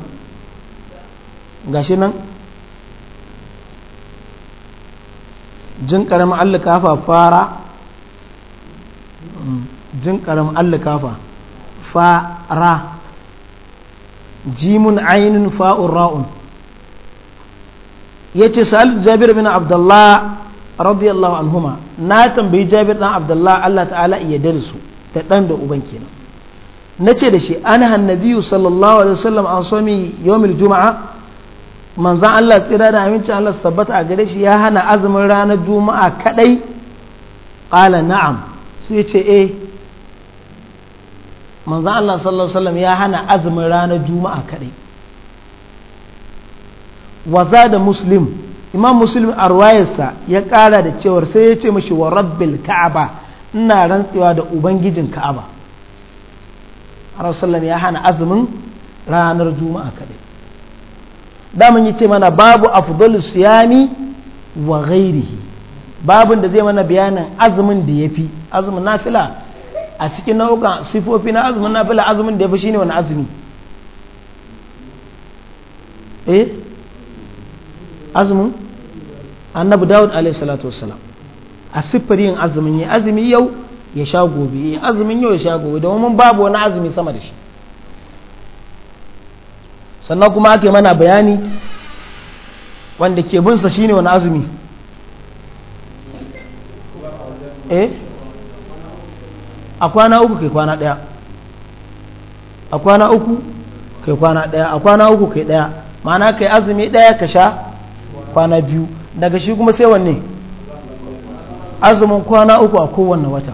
eh shi nan jin karamin allukafa fara hmm. jin karamin allukafa fara jimun ainihin fa'un ra'un Ya yace sa'al jabir bin abdullah radiyallahu anhuma na tambayi jabir dan abdullah Allah ta'ala iya dare su da dan da uban kenan na ce da shi an hannabiyu sallallahu alaihi wasallam an sami yawmil juma'a manzan Allah tsira da amincin Allah su tabbata a gare shi ya hana azumin ranar juma'a kadai qala na'am sai ya ce eh manzan Allah sallallahu alaihi wasallam ya hana azumin ranar juma'a kadai waza da muslim imam muslim a ruwayarsa ya kara da cewar sai ya ce mashi wa rabbil ka'aba ina rantsewa da ubangijin ka'aba rasulullah ya hana azumin ranar juma'a kadai daman ya ce mana babu afdal siyami wa ghairihi babin da zai mana bayanin azumin da ya fi azumin nafila a cikin nau'ukan sifofi na azumin nafila azumin da ya fi shine wani azumi eh azumin annabi dawud alaihi salatu wassalam a siffar yin azumin yi azumi yau ya sha gobe yi azumin yau ya sha gobe domin babu wani azumi sama da shi sannan kuma ake mana bayani wanda ke shi shine wani azumi eh a kwana uku kai kwana daya a kwana uku kai kwana daya a kwana uku kai daya ma'ana kai azumi daya ka sha kwana biyu daga shi kuma sai wanne azumin kwana uku a kowanne wata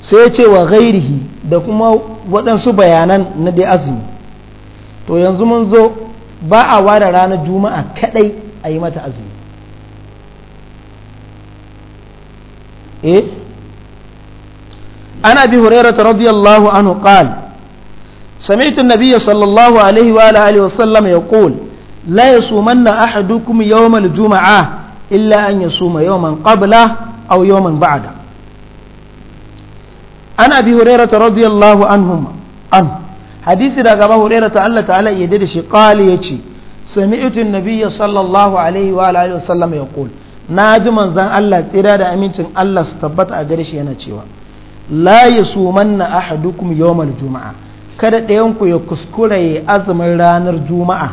sai ya ce wa gairihi da kuma waɗansu bayanan na dai azumi to yanzu mun zo ba a ware ranar juma'a kadai a yi mata azumi eh ana bi hurairata radiyallahu anhu qala سمعت النبي صلى الله عليه وآله وسلم يقول لا يصومن أحدكم يوم الجمعة إلا أن يصوم يوما قبله أو يوما بعده عن أبي هريرة رضي الله عنهما عنه حديث دا أبو هريرة الله تعالى يدرش قال يتي سمعت النبي صلى الله عليه وآله وسلم يقول ناجي من زان الله تيرا دا أمينتن الله ستبت أجرش ينا لا يصومن أحدكم يوم الجمعة kada ɗayanku ya kuskura ya azumin ranar juma'a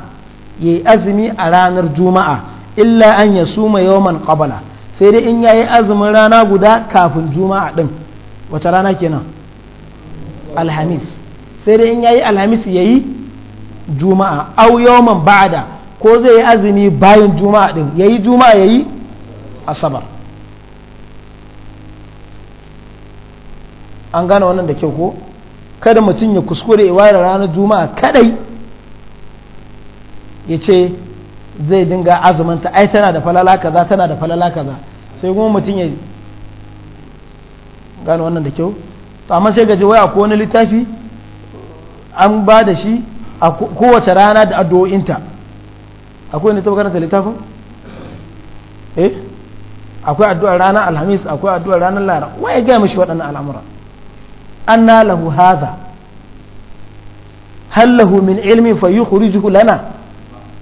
ya azumi a ranar juma'a illa an ya suma yawman qabala sai dai in yayi azumin rana guda kafin juma'a din wata rana kenan alhamis sai dai in yayi alhamis yayi juma'a au yawman ba'da ko zai yi azumi bayan juma'a din yayi juma'a yayi asabar an gane wannan da kyau ko kada mutum ya kuskure ya ware ranar juma'a kadai ya ce zai dinga azumanta ai tana da falala kaza tana da falala kaza sai kuma mutum ya gano wannan da kyau to amma sai gaji waya ko wani littafi an ba da shi a kowace rana da addu'o'inta akwai ne ta karanta littafin eh akwai addu'ar ranar alhamis akwai addu'ar ranar lara waya gaya mashi waɗannan al'amura anna lahu hadha hal lahu min ilmin fa yukhrijuhu lana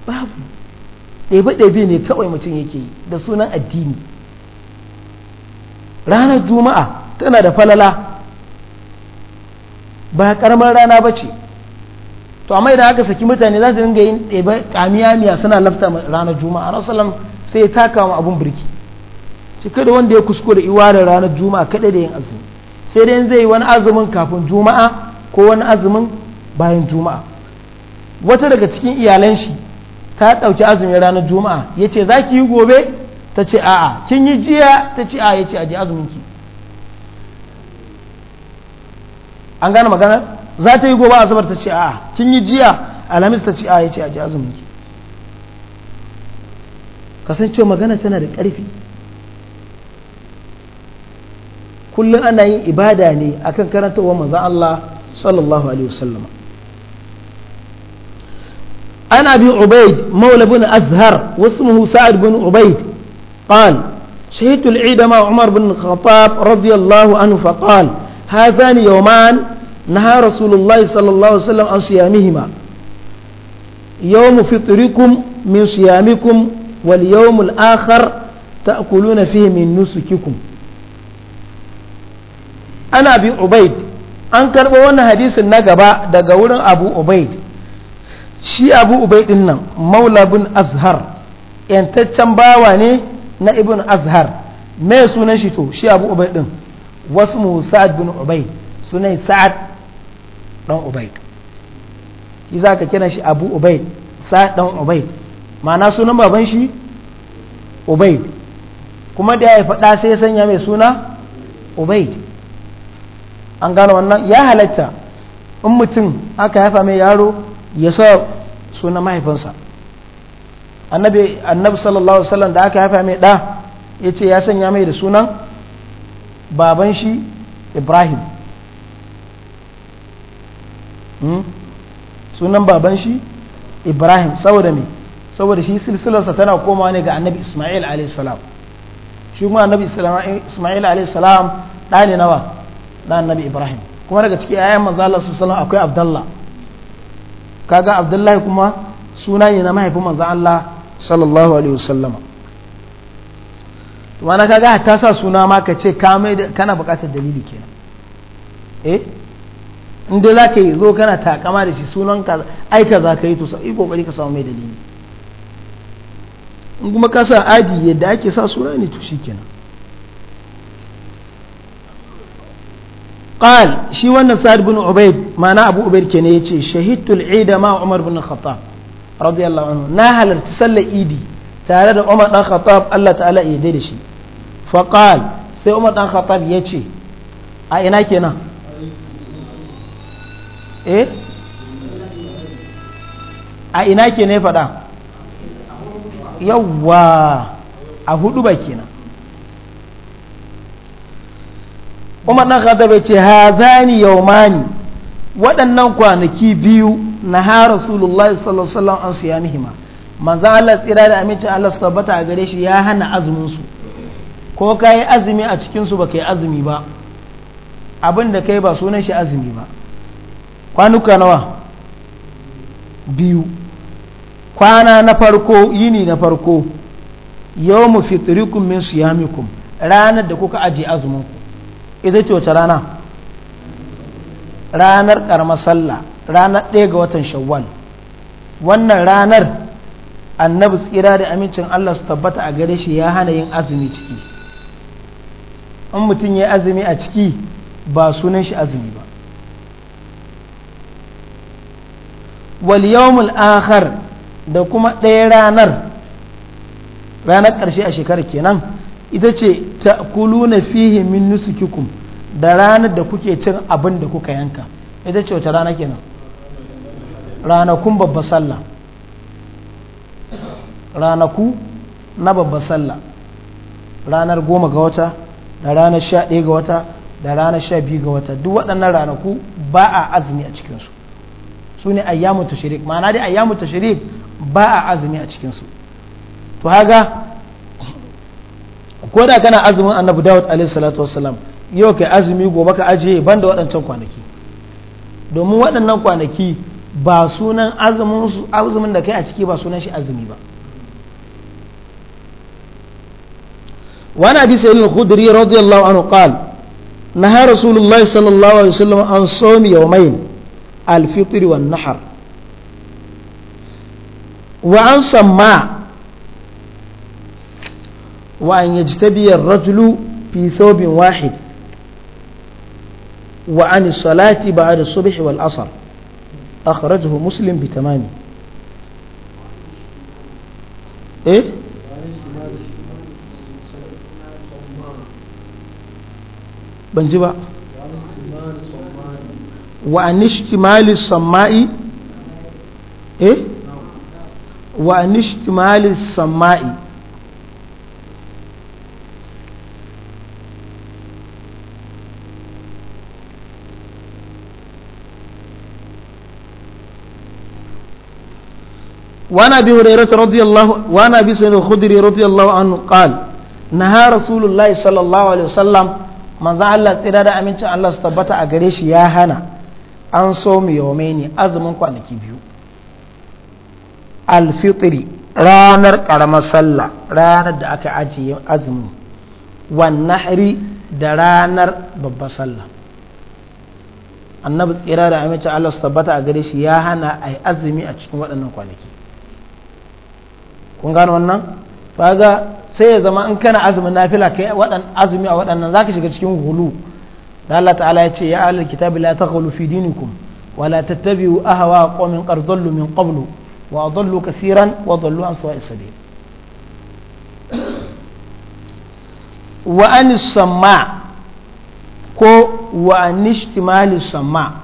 babu ɗebe ɗebe ne kawai mutum yake yi da sunan addini ranar juma'a tana da falala ba karamar rana ba ce to amma idan aka saki mutane za su dinga yin ɗebe kamiyamiya suna lafta ranar juma'a rasulullah sai ya taka wa abun birki cike da wanda ya kuskure iwa da ranar juma'a kaɗai da yin azumi sai dai zai wani azumin kafin juma'a ko wani azumin bayan juma'a wata daga cikin iyalan shi ta ɗauki azumin ranar juma'a ya ce za ki yi gobe ta ce a'a kin yi jiya ta ce a'a ya ce aji azumin ki an gane magana za ta yi gobe asabar ta ce a'a kin yi jiya alhamis ta ce a'a ya ce aji azumin ki kasance magana tana da ƙarfi kullum ana yin ibada ne akan karantarwa manzon Allah sallallahu alaihi wasallam an أبي عبيد مولى بن أزهر واسمه سعد بن عبيد قال شهدت العيد مع عمر بن الخطاب رضي الله عنه فقال هذان يومان نهى رسول الله صلى الله عليه وسلم عن صيامهما يوم فطركم من صيامكم واليوم الآخر تأكلون فيه من نسككم ana bi ubaid an karɓo wannan hadisin na gaba daga wurin abu ubaid shi abu ubaid nan maula bin azhar yantaccen bawa ne na ibn azhar mai sunan shi to shi abu ubaid din wasu mu sa'ad bin ubaid sunan sa'ad dan ubaid yi za ka kira shi abu ubaid sa'ad dan ubaid ma'ana sunan baban shi ubaid kuma da ya faɗa sai ya sanya mai suna ubaid an gano wannan ya halatta in mutum aka haifa mai yaro ya sa sunan mahaifinsa annabi annabi sallallahu alaihi wasallam da aka haifa mai da ya ce ya sanya mai da sunan baban shi ibrahim hmm? sunan baban shi ibrahim saboda me saboda shi silsilarsa tana komawa ne ga annabi ismail alaihi salam shi kuma annabi ismail alaihi salam dani ne nawa na annabi ibrahim kuma daga ciki ayyan manzo Allah sallallahu akwai abdullah kaga abdullah kuma suna ne na mahaifin manzo Allah sallallahu alaihi wasallam to ana kaga ta sa suna ma ka ce ka mai kana buƙatar dalili kenan eh inda za ka yi zo kana takama da shi sunan ka aika za ka yi to sai kokari ka samu mai dalili in kuma ka sa adi yadda ake sa suna ne to shikenan قال shi wannan sa'ad bin ubaid mana abu ubaid yace shahidtul ida ma umar bin khattab radiyallahu anhu na halarci sallar idi tare da umar dan khattab Allah ta'ala ya da shi fa qal sai umar dan khattab yace a ina kenan eh a ina kenan kenan umar ɗan khattab ya ce hazani yaumani waɗannan kwanaki biyu na ha rasulullahi sallallahu an siya mihima manzan Allah tsira da amincin Allah su tabbata a gare shi ya hana azumin su ko yi azumi a cikinsu su ka yi azumi ba abin da kai ba sunan shi azumi ba kwanuka nawa biyu kwana na farko yini na farko yau mu fitrikum min siyamikum ranar da kuka aje azuminku. ita ce wace rana ranar karamar sallah ranar ɗaya ga watan shawwal wannan ranar annabi tsira da amincin allah su tabbata a gare shi ya hana yin azumi ciki in mutum ya azumi a ciki ba sunan shi azumi ba wal yawmul akhar da kuma ɗaya ranar ranar ƙarshe a shekarar kenan ita ce ta na fihi min nusukikum da ranar da kuke cin abin da kuka yanka ita ce wata rana kenan ranakun babba sallah ranaku na babba sallah ranar goma ga wata da ranar sha ɗaya ga wata da ranar sha biyu ga wata duk waɗannan ranaku ba a azumi a cikinsu su ne ayyamu tashirik ma'ana dai ayyamu tashirik ba a azumi a cikinsu to haga ko da kana azumin annabi dawud alaihi salatu wassalam yau kai azumi gobe ka ajiye banda waɗancan kwanaki domin waɗannan kwanaki ba sunan azumin da kai a ciki ba sunan shi azumi ba wani abi sayyidin khudri radiyallahu anhu qal naha rasulullahi sallallahu alaihi an sawmi yawmayn al-fitr wan nahar wa an samma وأن يجتبي الرجل في ثوب واحد وعن الصلاة بعد الصبح والعصر أخرجه مسلم بتمامه إيه؟ بنجيبها وعن اشتمال الصماء إيه؟ وعن اشتمال الصماء وعن أبي هريرة رضي الله وعن أبي سعيد الخدري رضي الله عنه قال نهى رسول الله صلى الله عليه وسلم من ذا الله تدادا أمين الله استبتا أغريش يا هنا أن صوم يومين أزمون كوانا كيبيو الفطري رانر كرم صلى رانر دا أكا أجي أزمون والنحري دا رانر ببا صلى annabi tsira da aminci Allah su tabbata a gare shi ya hana a yi azumi a cikin waɗannan kwanaki kun gano wannan kaga sai ya zama in kana azumin nafila kai wadan azumi a waɗannan zaka shiga cikin hulu da Allah ta'ala ya ce ya ahlul kitabi la taghlu fi dinikum wa la tattabi'u ahwa qawmin qad dhallu min qablu wa adallu kaseeran wa dhallu an sawa'is sabil wa an samma ko wa an ishtimali samma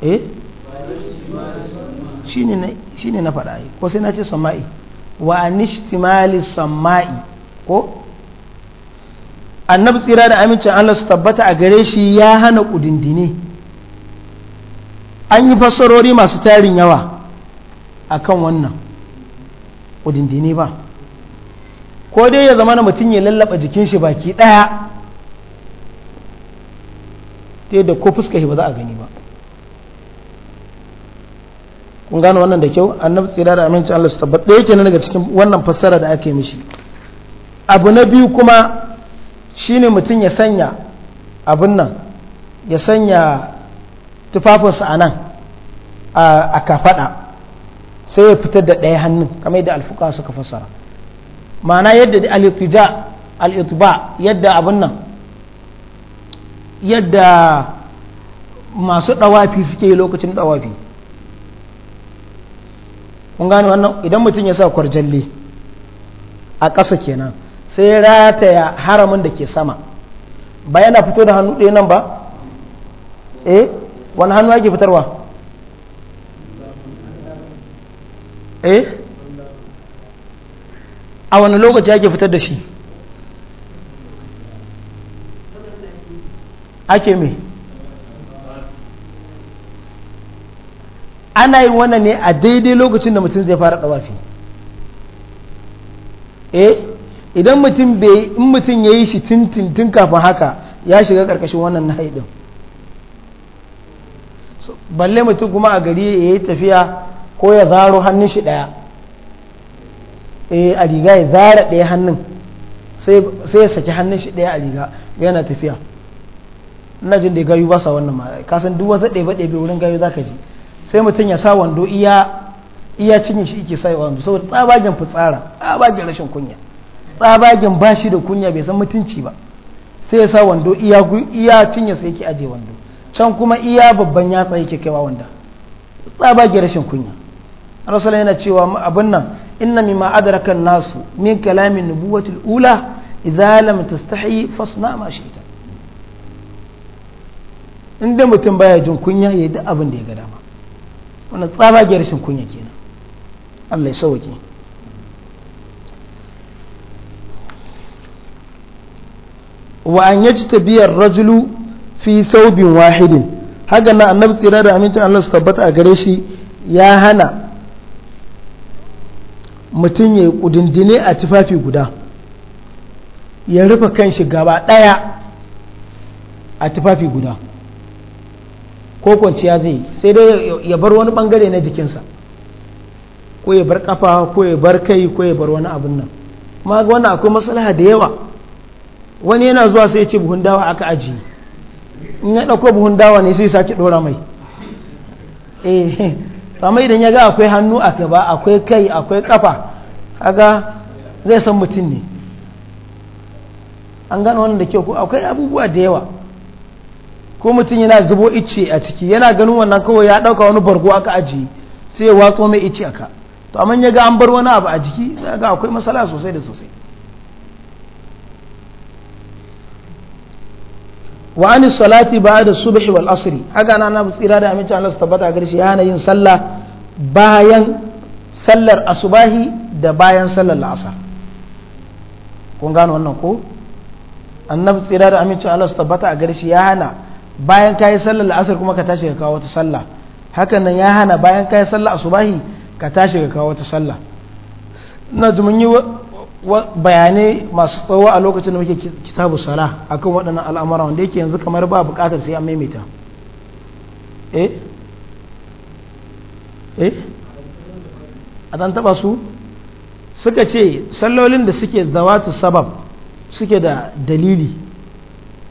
eh Shi ne na faɗa ko sai na ce sama'i wa anishtimali sama'i ko Annab tsira da amincin Allah su tabbata a gare shi ya hana ƙudindini. an yi fassarori masu tarin yawa a kan wannan ƙudindini ba ko dai ya zama na mutum ya lallaba jikin shi baki ɗaya ta yadda ko fuska ba za a gani ba kun gano wannan da kyau annabi tsira da aminci Allah su tabbata ɗaya kenan daga cikin wannan fassara da ake mishi abu na biyu kuma shine mutum ya sanya abin nan ya sanya tufafinsa a nan a kafaɗa sai ya fitar da ɗaya hannun kama yadda alfuka suka fassara ma'ana yadda al-itija yadda abin nan yadda masu ɗawafi suke yi lokacin ɗawafi kun gani wannan idan mutum ya sa kwarjalle a ƙasa kenan sai ya rataya haramin da ke sama ba yana fito da hannu ɗaya nan ba eh wani hannu ake fitarwa eh a wani lokaci ake fitar da shi ake mai ana yin wannan ne a daidai lokacin da mutum zai fara dawafi eh idan mutum bai in mutum ya yi shi tun kafin haka ya shiga karkashin wannan na haidin balle mutum kuma a gari ya yi tafiya ko ya zaro hannun shi ɗaya eh, a riga ya zara ɗaya hannun sai ya saki hannun shi ɗaya a riga yana tafiya ina jin da gayu ba sa wannan ma kasan duk wata ɗebe ɗebe wurin gayu za ka ji sai mutum ya sa wando iya iya cinye shi yake sai wando saboda tsabagen fitsara tsabagen rashin kunya tsabagen bashi da kunya bai san mutunci ba sai ya sa wando iya iya cinye sai yake aje wando can kuma iya babban yatsa yake kaiwa wanda tsabagen rashin kunya rasul yana cewa abin nan inna mimma adraka nasu min kalamin nubuwatul ula idza lam tastahi fasna ma shi'ta inda mutum baya jin kunya ya yi duk abin da ya ga dama wannan tsabage rashin kunya ke nan ya sauke wa an yaci tabiyar rajulu fi saubin wahidin haka na annabi tsira da amincin Allah su tabbata a gare shi ya hana mutum ya kudindine a tufafi guda ya rufe kanshi gaba daya a tufafi guda ko kwanciya zai yi sai dai ya bar wani bangare na jikinsa ko ya bar kafa ko ya bar kai ko ya bar wani abin nan ma ga wannan akwai maslaha da yawa wani yana zuwa sai ya ce buhun dawa aka ajiye in ya ɗauko buhun dawa ne sai sake ɗora mai eh amma idan ya ga akwai hannu a gaba akwai kai akwai kafa haka zai san mutum ne an gano wannan da kyau ko akwai abubuwa da yawa ko mutum yana zubo icce a ciki yana ganin wannan kawai ya ɗauka wani bargo aka ajiye sai ya watso mai icce aka to amma ya ga an bar wani abu a jiki ga akwai matsala sosai da sosai wa an salati ba'da subh wal asr aga nan na tsira da amince Allah tabbata gare shi yana yin sallah bayan sallar asubahi da bayan sallar la'asar kun gano wannan ko annabi tsira da amince Allah tabbata a shi ya hana bayan kayi sallar la'asar kuma ka tashi ka kawo wata sallah hakan nan ya hana bayan kayi sallar asubahi ka tashi ka kawo wata sallah ina mun yi bayanai masu tsawo a lokacin da muke kitabu sala akan waɗannan al'amura wanda yake yanzu kamar ba buƙatar sai an maimaita eh? eh a ɗan taɓa su suka ce sallolin da suke zawatu sabab suke da dalili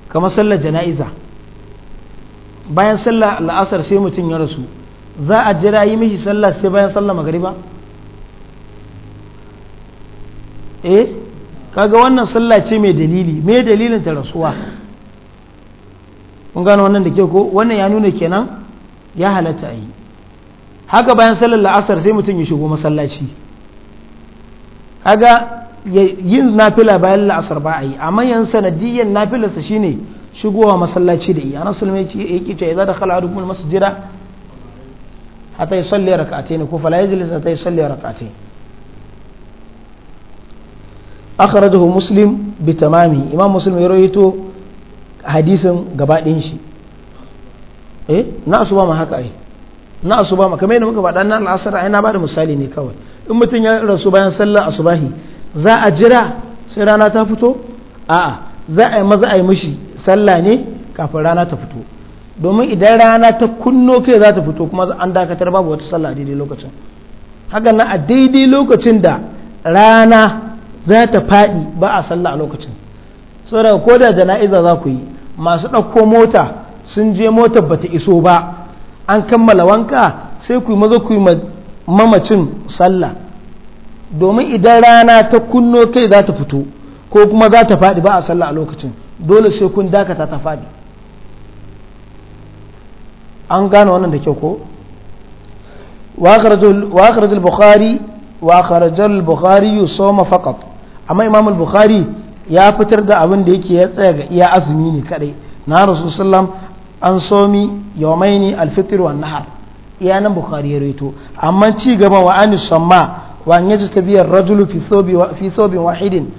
kamar sallar jana'iza bayan sallah la'asar sai mutum ya rasu za a jira yi mishi sallah sai bayan sallah magariba eh kaga wannan sallah ce mai dalili me dalilin ta rasuwa kun gano wannan da ke ko wannan ya nuna kenan ya halatta a yi haka bayan sallar la'asar sai mutum ya shigo masallaci kaga yin nafila bayan la'asar ba a yi amma yan sanadiyyar nafilarsa shine shigowa masallaci da iya nasu mai yake cewa idan da kala adukumul masjida hatta yusalli ne ko fala yajlis hatta yusalli rak'atayn da muslim bi tamami imam muslim ya rawaito hadisin gaba ɗin shi eh na asuba ma haka yi na asuba ma kamar yadda muka faɗa nan al'asar ai na bada misali ne kawai in mutum ya rasu bayan sallar asubahi za a jira sai rana ta fito a'a za a yi maza a yi mishi sallah ne kafin rana ta fito domin idan rana ta kunno kai za ta fito kuma an dakatar babu wata sallah a daidai lokacin haka na a daidai lokacin da rana za ta faɗi ba a sallah a lokacin saboda ko da jana'iza za ku yi masu ɗauko mota sun je motar bata iso ba an kammala wanka sai ku yi maza ku yi mamacin sallah domin idan rana ta kunno kai za ta fito ko kuma za ta faɗi ba a sallah a lokacin dole sai kun dakata ta fadi an gane wannan da kyau ko wa kharajul bukhari wa kharajul amma imam bukhari ya fitar da abin da yake ya tsaya ga iya azumi ne kadai na rasu sallam an somi yawmaini alfitr wa nahar iya nan bukhari ya rito amma ci gaba wa an samma wa an yajtabi ar fi thobi wahidin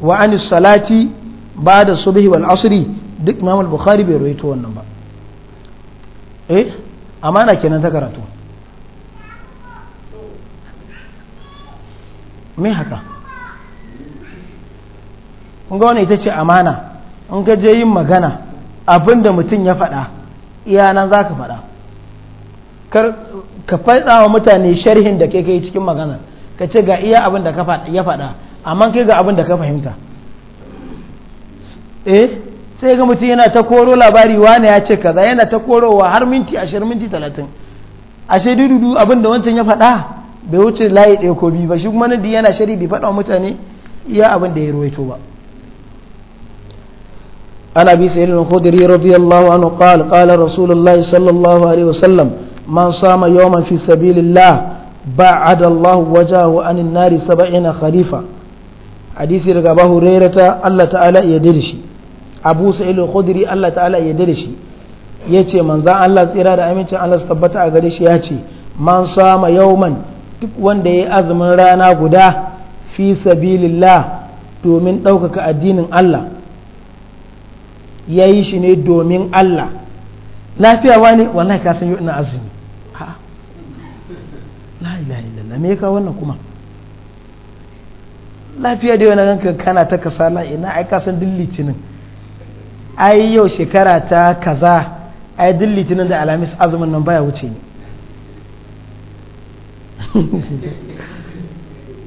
wa an salati ba da subhi wal asri duk imam al-bukhari bai rawaito wannan ba eh amana kenan ta karatu me haka kun ga wani ita ce amana in ka je yin magana abinda mutum ya faɗa iya nan za ka faɗa ka faɗa wa mutane sharhin da ke kai cikin magana ka ce ga iya abin da ya faɗa amma kai ga abin da ka fahimta eh sai ga mutum yana ta koro labari wane ya ce kaza yana ta korowa har minti ashirin minti talatin ashe dududu abin da wancan ya faɗa bai wuce layi ɗaya ko biyu ba shi kuma nadi yana shari bai faɗa mutane iya abin da ya ruwaito ba ana bi sa'id al-khudri radiyallahu anhu qala qala rasulullahi sallallahu alaihi wasallam man sama yawman fi sabilillah ba'ada Allah wajahu anin nari sab'ina kharifa hadisi daga Abu Hurairah Allah ta'ala ya dade shi Abu Sa'id al-Khudri Allah ta'ala ya dade shi yace manzon Allah tsira da amincin Allah su tabbata a gare shi yace man sama yawman duk wanda yayi azumin rana guda fi sabilillah domin ɗaukaka addinin Allah ya yi shi ne domin Allah lafiya wa ne wallahi ka san yau ina azumi ha la ilaha illallah me ka wannan kuma lafiya da yawan na kana ta kasala ina ai kasan duk litinin ai yau shekara ta kaza ai duk litinin da alamis azumin nan baya wuce ne.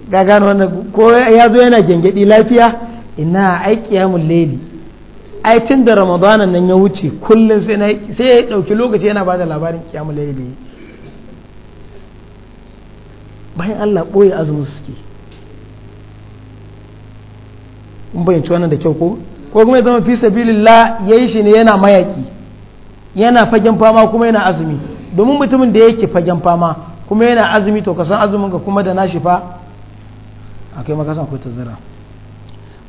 ga gano wannan ko ya zo yana gyangyaɗi lafiya ina ai kiyamun laili ai tun da ramadanan nan ya wuce kullum sai ya ɗauki lokaci yana ba da labarin kiyamun laili bayan allah ɓoye azumin suke mun bayyanci wannan da kyau ko ko kuma ya zama fi ya yi shi ne yana mayaki yana fagen fama kuma yana azumi domin mutumin da yake fagen fama kuma yana azumi to kasan azumin ka kuma da nashi fa makasan ko tazara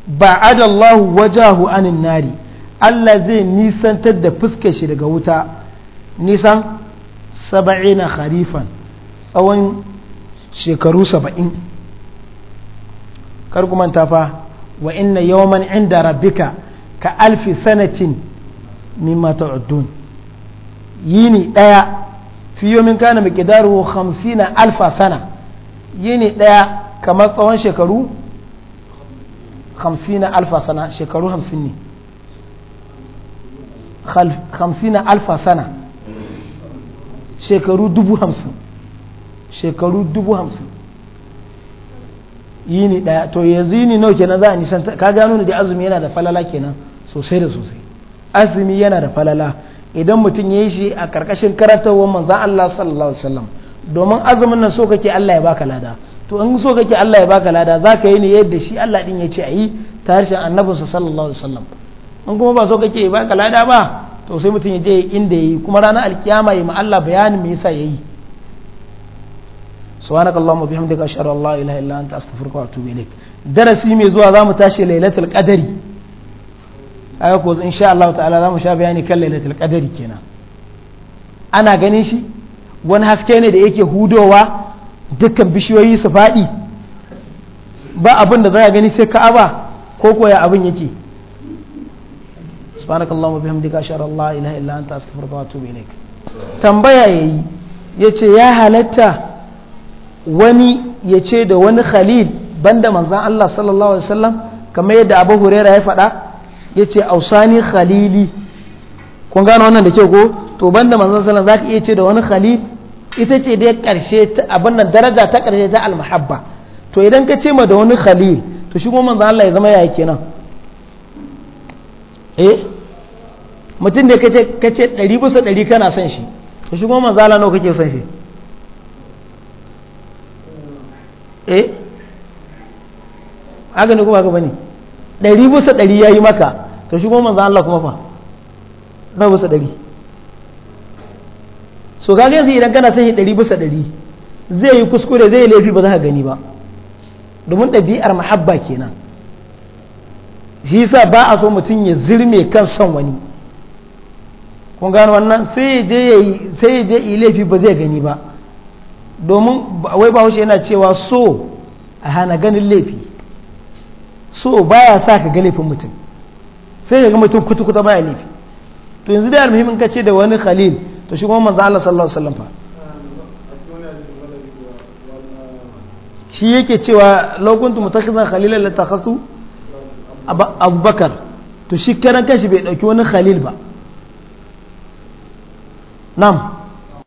ba'adallahu wajahu anin nari Allah zai nisantar da fuskar shi daga wuta nisan saba'ina kharifan tsawon shekaru saba'in kar kuma ta fa وإن يوما عند ربك كألف سنة مما تعدون يني ديا في يوم كان مقداره خمسين ألف سنة يني ديا كما تقول شكرو خمسين ألف سنة شكرو خمسين خلف خمسين ألف سنة شكرو دبو خمسين شكرو دبو خمسين yini daya to yanzu yini nawa kenan za a nisan ka gano ni da azumi yana da falala kenan sosai da sosai azumi yana da falala idan mutum ya yi shi a karkashin karantarwar manzan Allah sallallahu alaihi wasallam domin azumin nan so kake Allah ya baka lada to in so kake Allah ya baka lada za ka yi ne yadda shi Allah din ya ce a yi ta harshen annabinsa sallallahu alaihi wasallam in kuma ba so kake ya baka lada ba to sai mutum ya je inda ya yi kuma ranar alkiyama ya ma Allah bayanin me yasa ya yi سبحانك اللهم bihamdika ashhadu an لا ilaha illa anta astaghfiruka wa atubu درسي darasi mai zuwa zamu tashi القدر qadari aka شاء الله تعالى ta'ala zamu sha bayani kan القدر qadari kenan ana ganin shi wani haske ne da yake hudowa dukkan bishiyoyi su faɗi ba abin da za a gani sai ka'aba ko koya abin yake subhanakallahumma bihamdika ashhadu an la ilaha illa anta astaghfiruka wa atubu ilaik tambaya yayi yace ya halatta wani ya ce da wani khalil banda manzan Allah sallallahu alaihi wasallam kamar yadda abu huraira ya faɗa ya ce ausani khalili kun gano wannan da ke ko to banda manzan sallallahu za ka iya ce da wani khalil ita ce dai karshe abin nan daraja ta karshe ta almahabba to idan ka ce ma da wani khalil to shi kuma manzan Allah ya zama yaya kenan eh mutum da ka ce 100 bisa 100 kana son shi to shi kuma manzan Allah nawa kake son shi eh aga ne kuma ka bane ɗari busa ɗari ya yi maka to shi kuma manzan Allah kuma fa na busa ɗari so kaga yanzu idan kana sanyi ɗari busa ɗari zai yi kuskure zai yi laifi ba za ka gani ba domin ɗabi'ar mahabba kenan shi yasa ba a so mutum ya zirme kan son wani kun gano wannan sai ya je yi laifi ba zai gani ba domin wai bahaushe yana cewa so a hana ganin laifi so baya sa ka ga laifin mutum sai ka ga mutum kutukuta ba baya laifi to yanzu da almuhimmin ka ce da wani khalil to shi kuma manzo Allah sallallahu alaihi wasallam fa shi yake cewa law kuntu mutakhizan khalila la takhastu abubakar to shi karan kashi bai dauki wani khalil ba na'am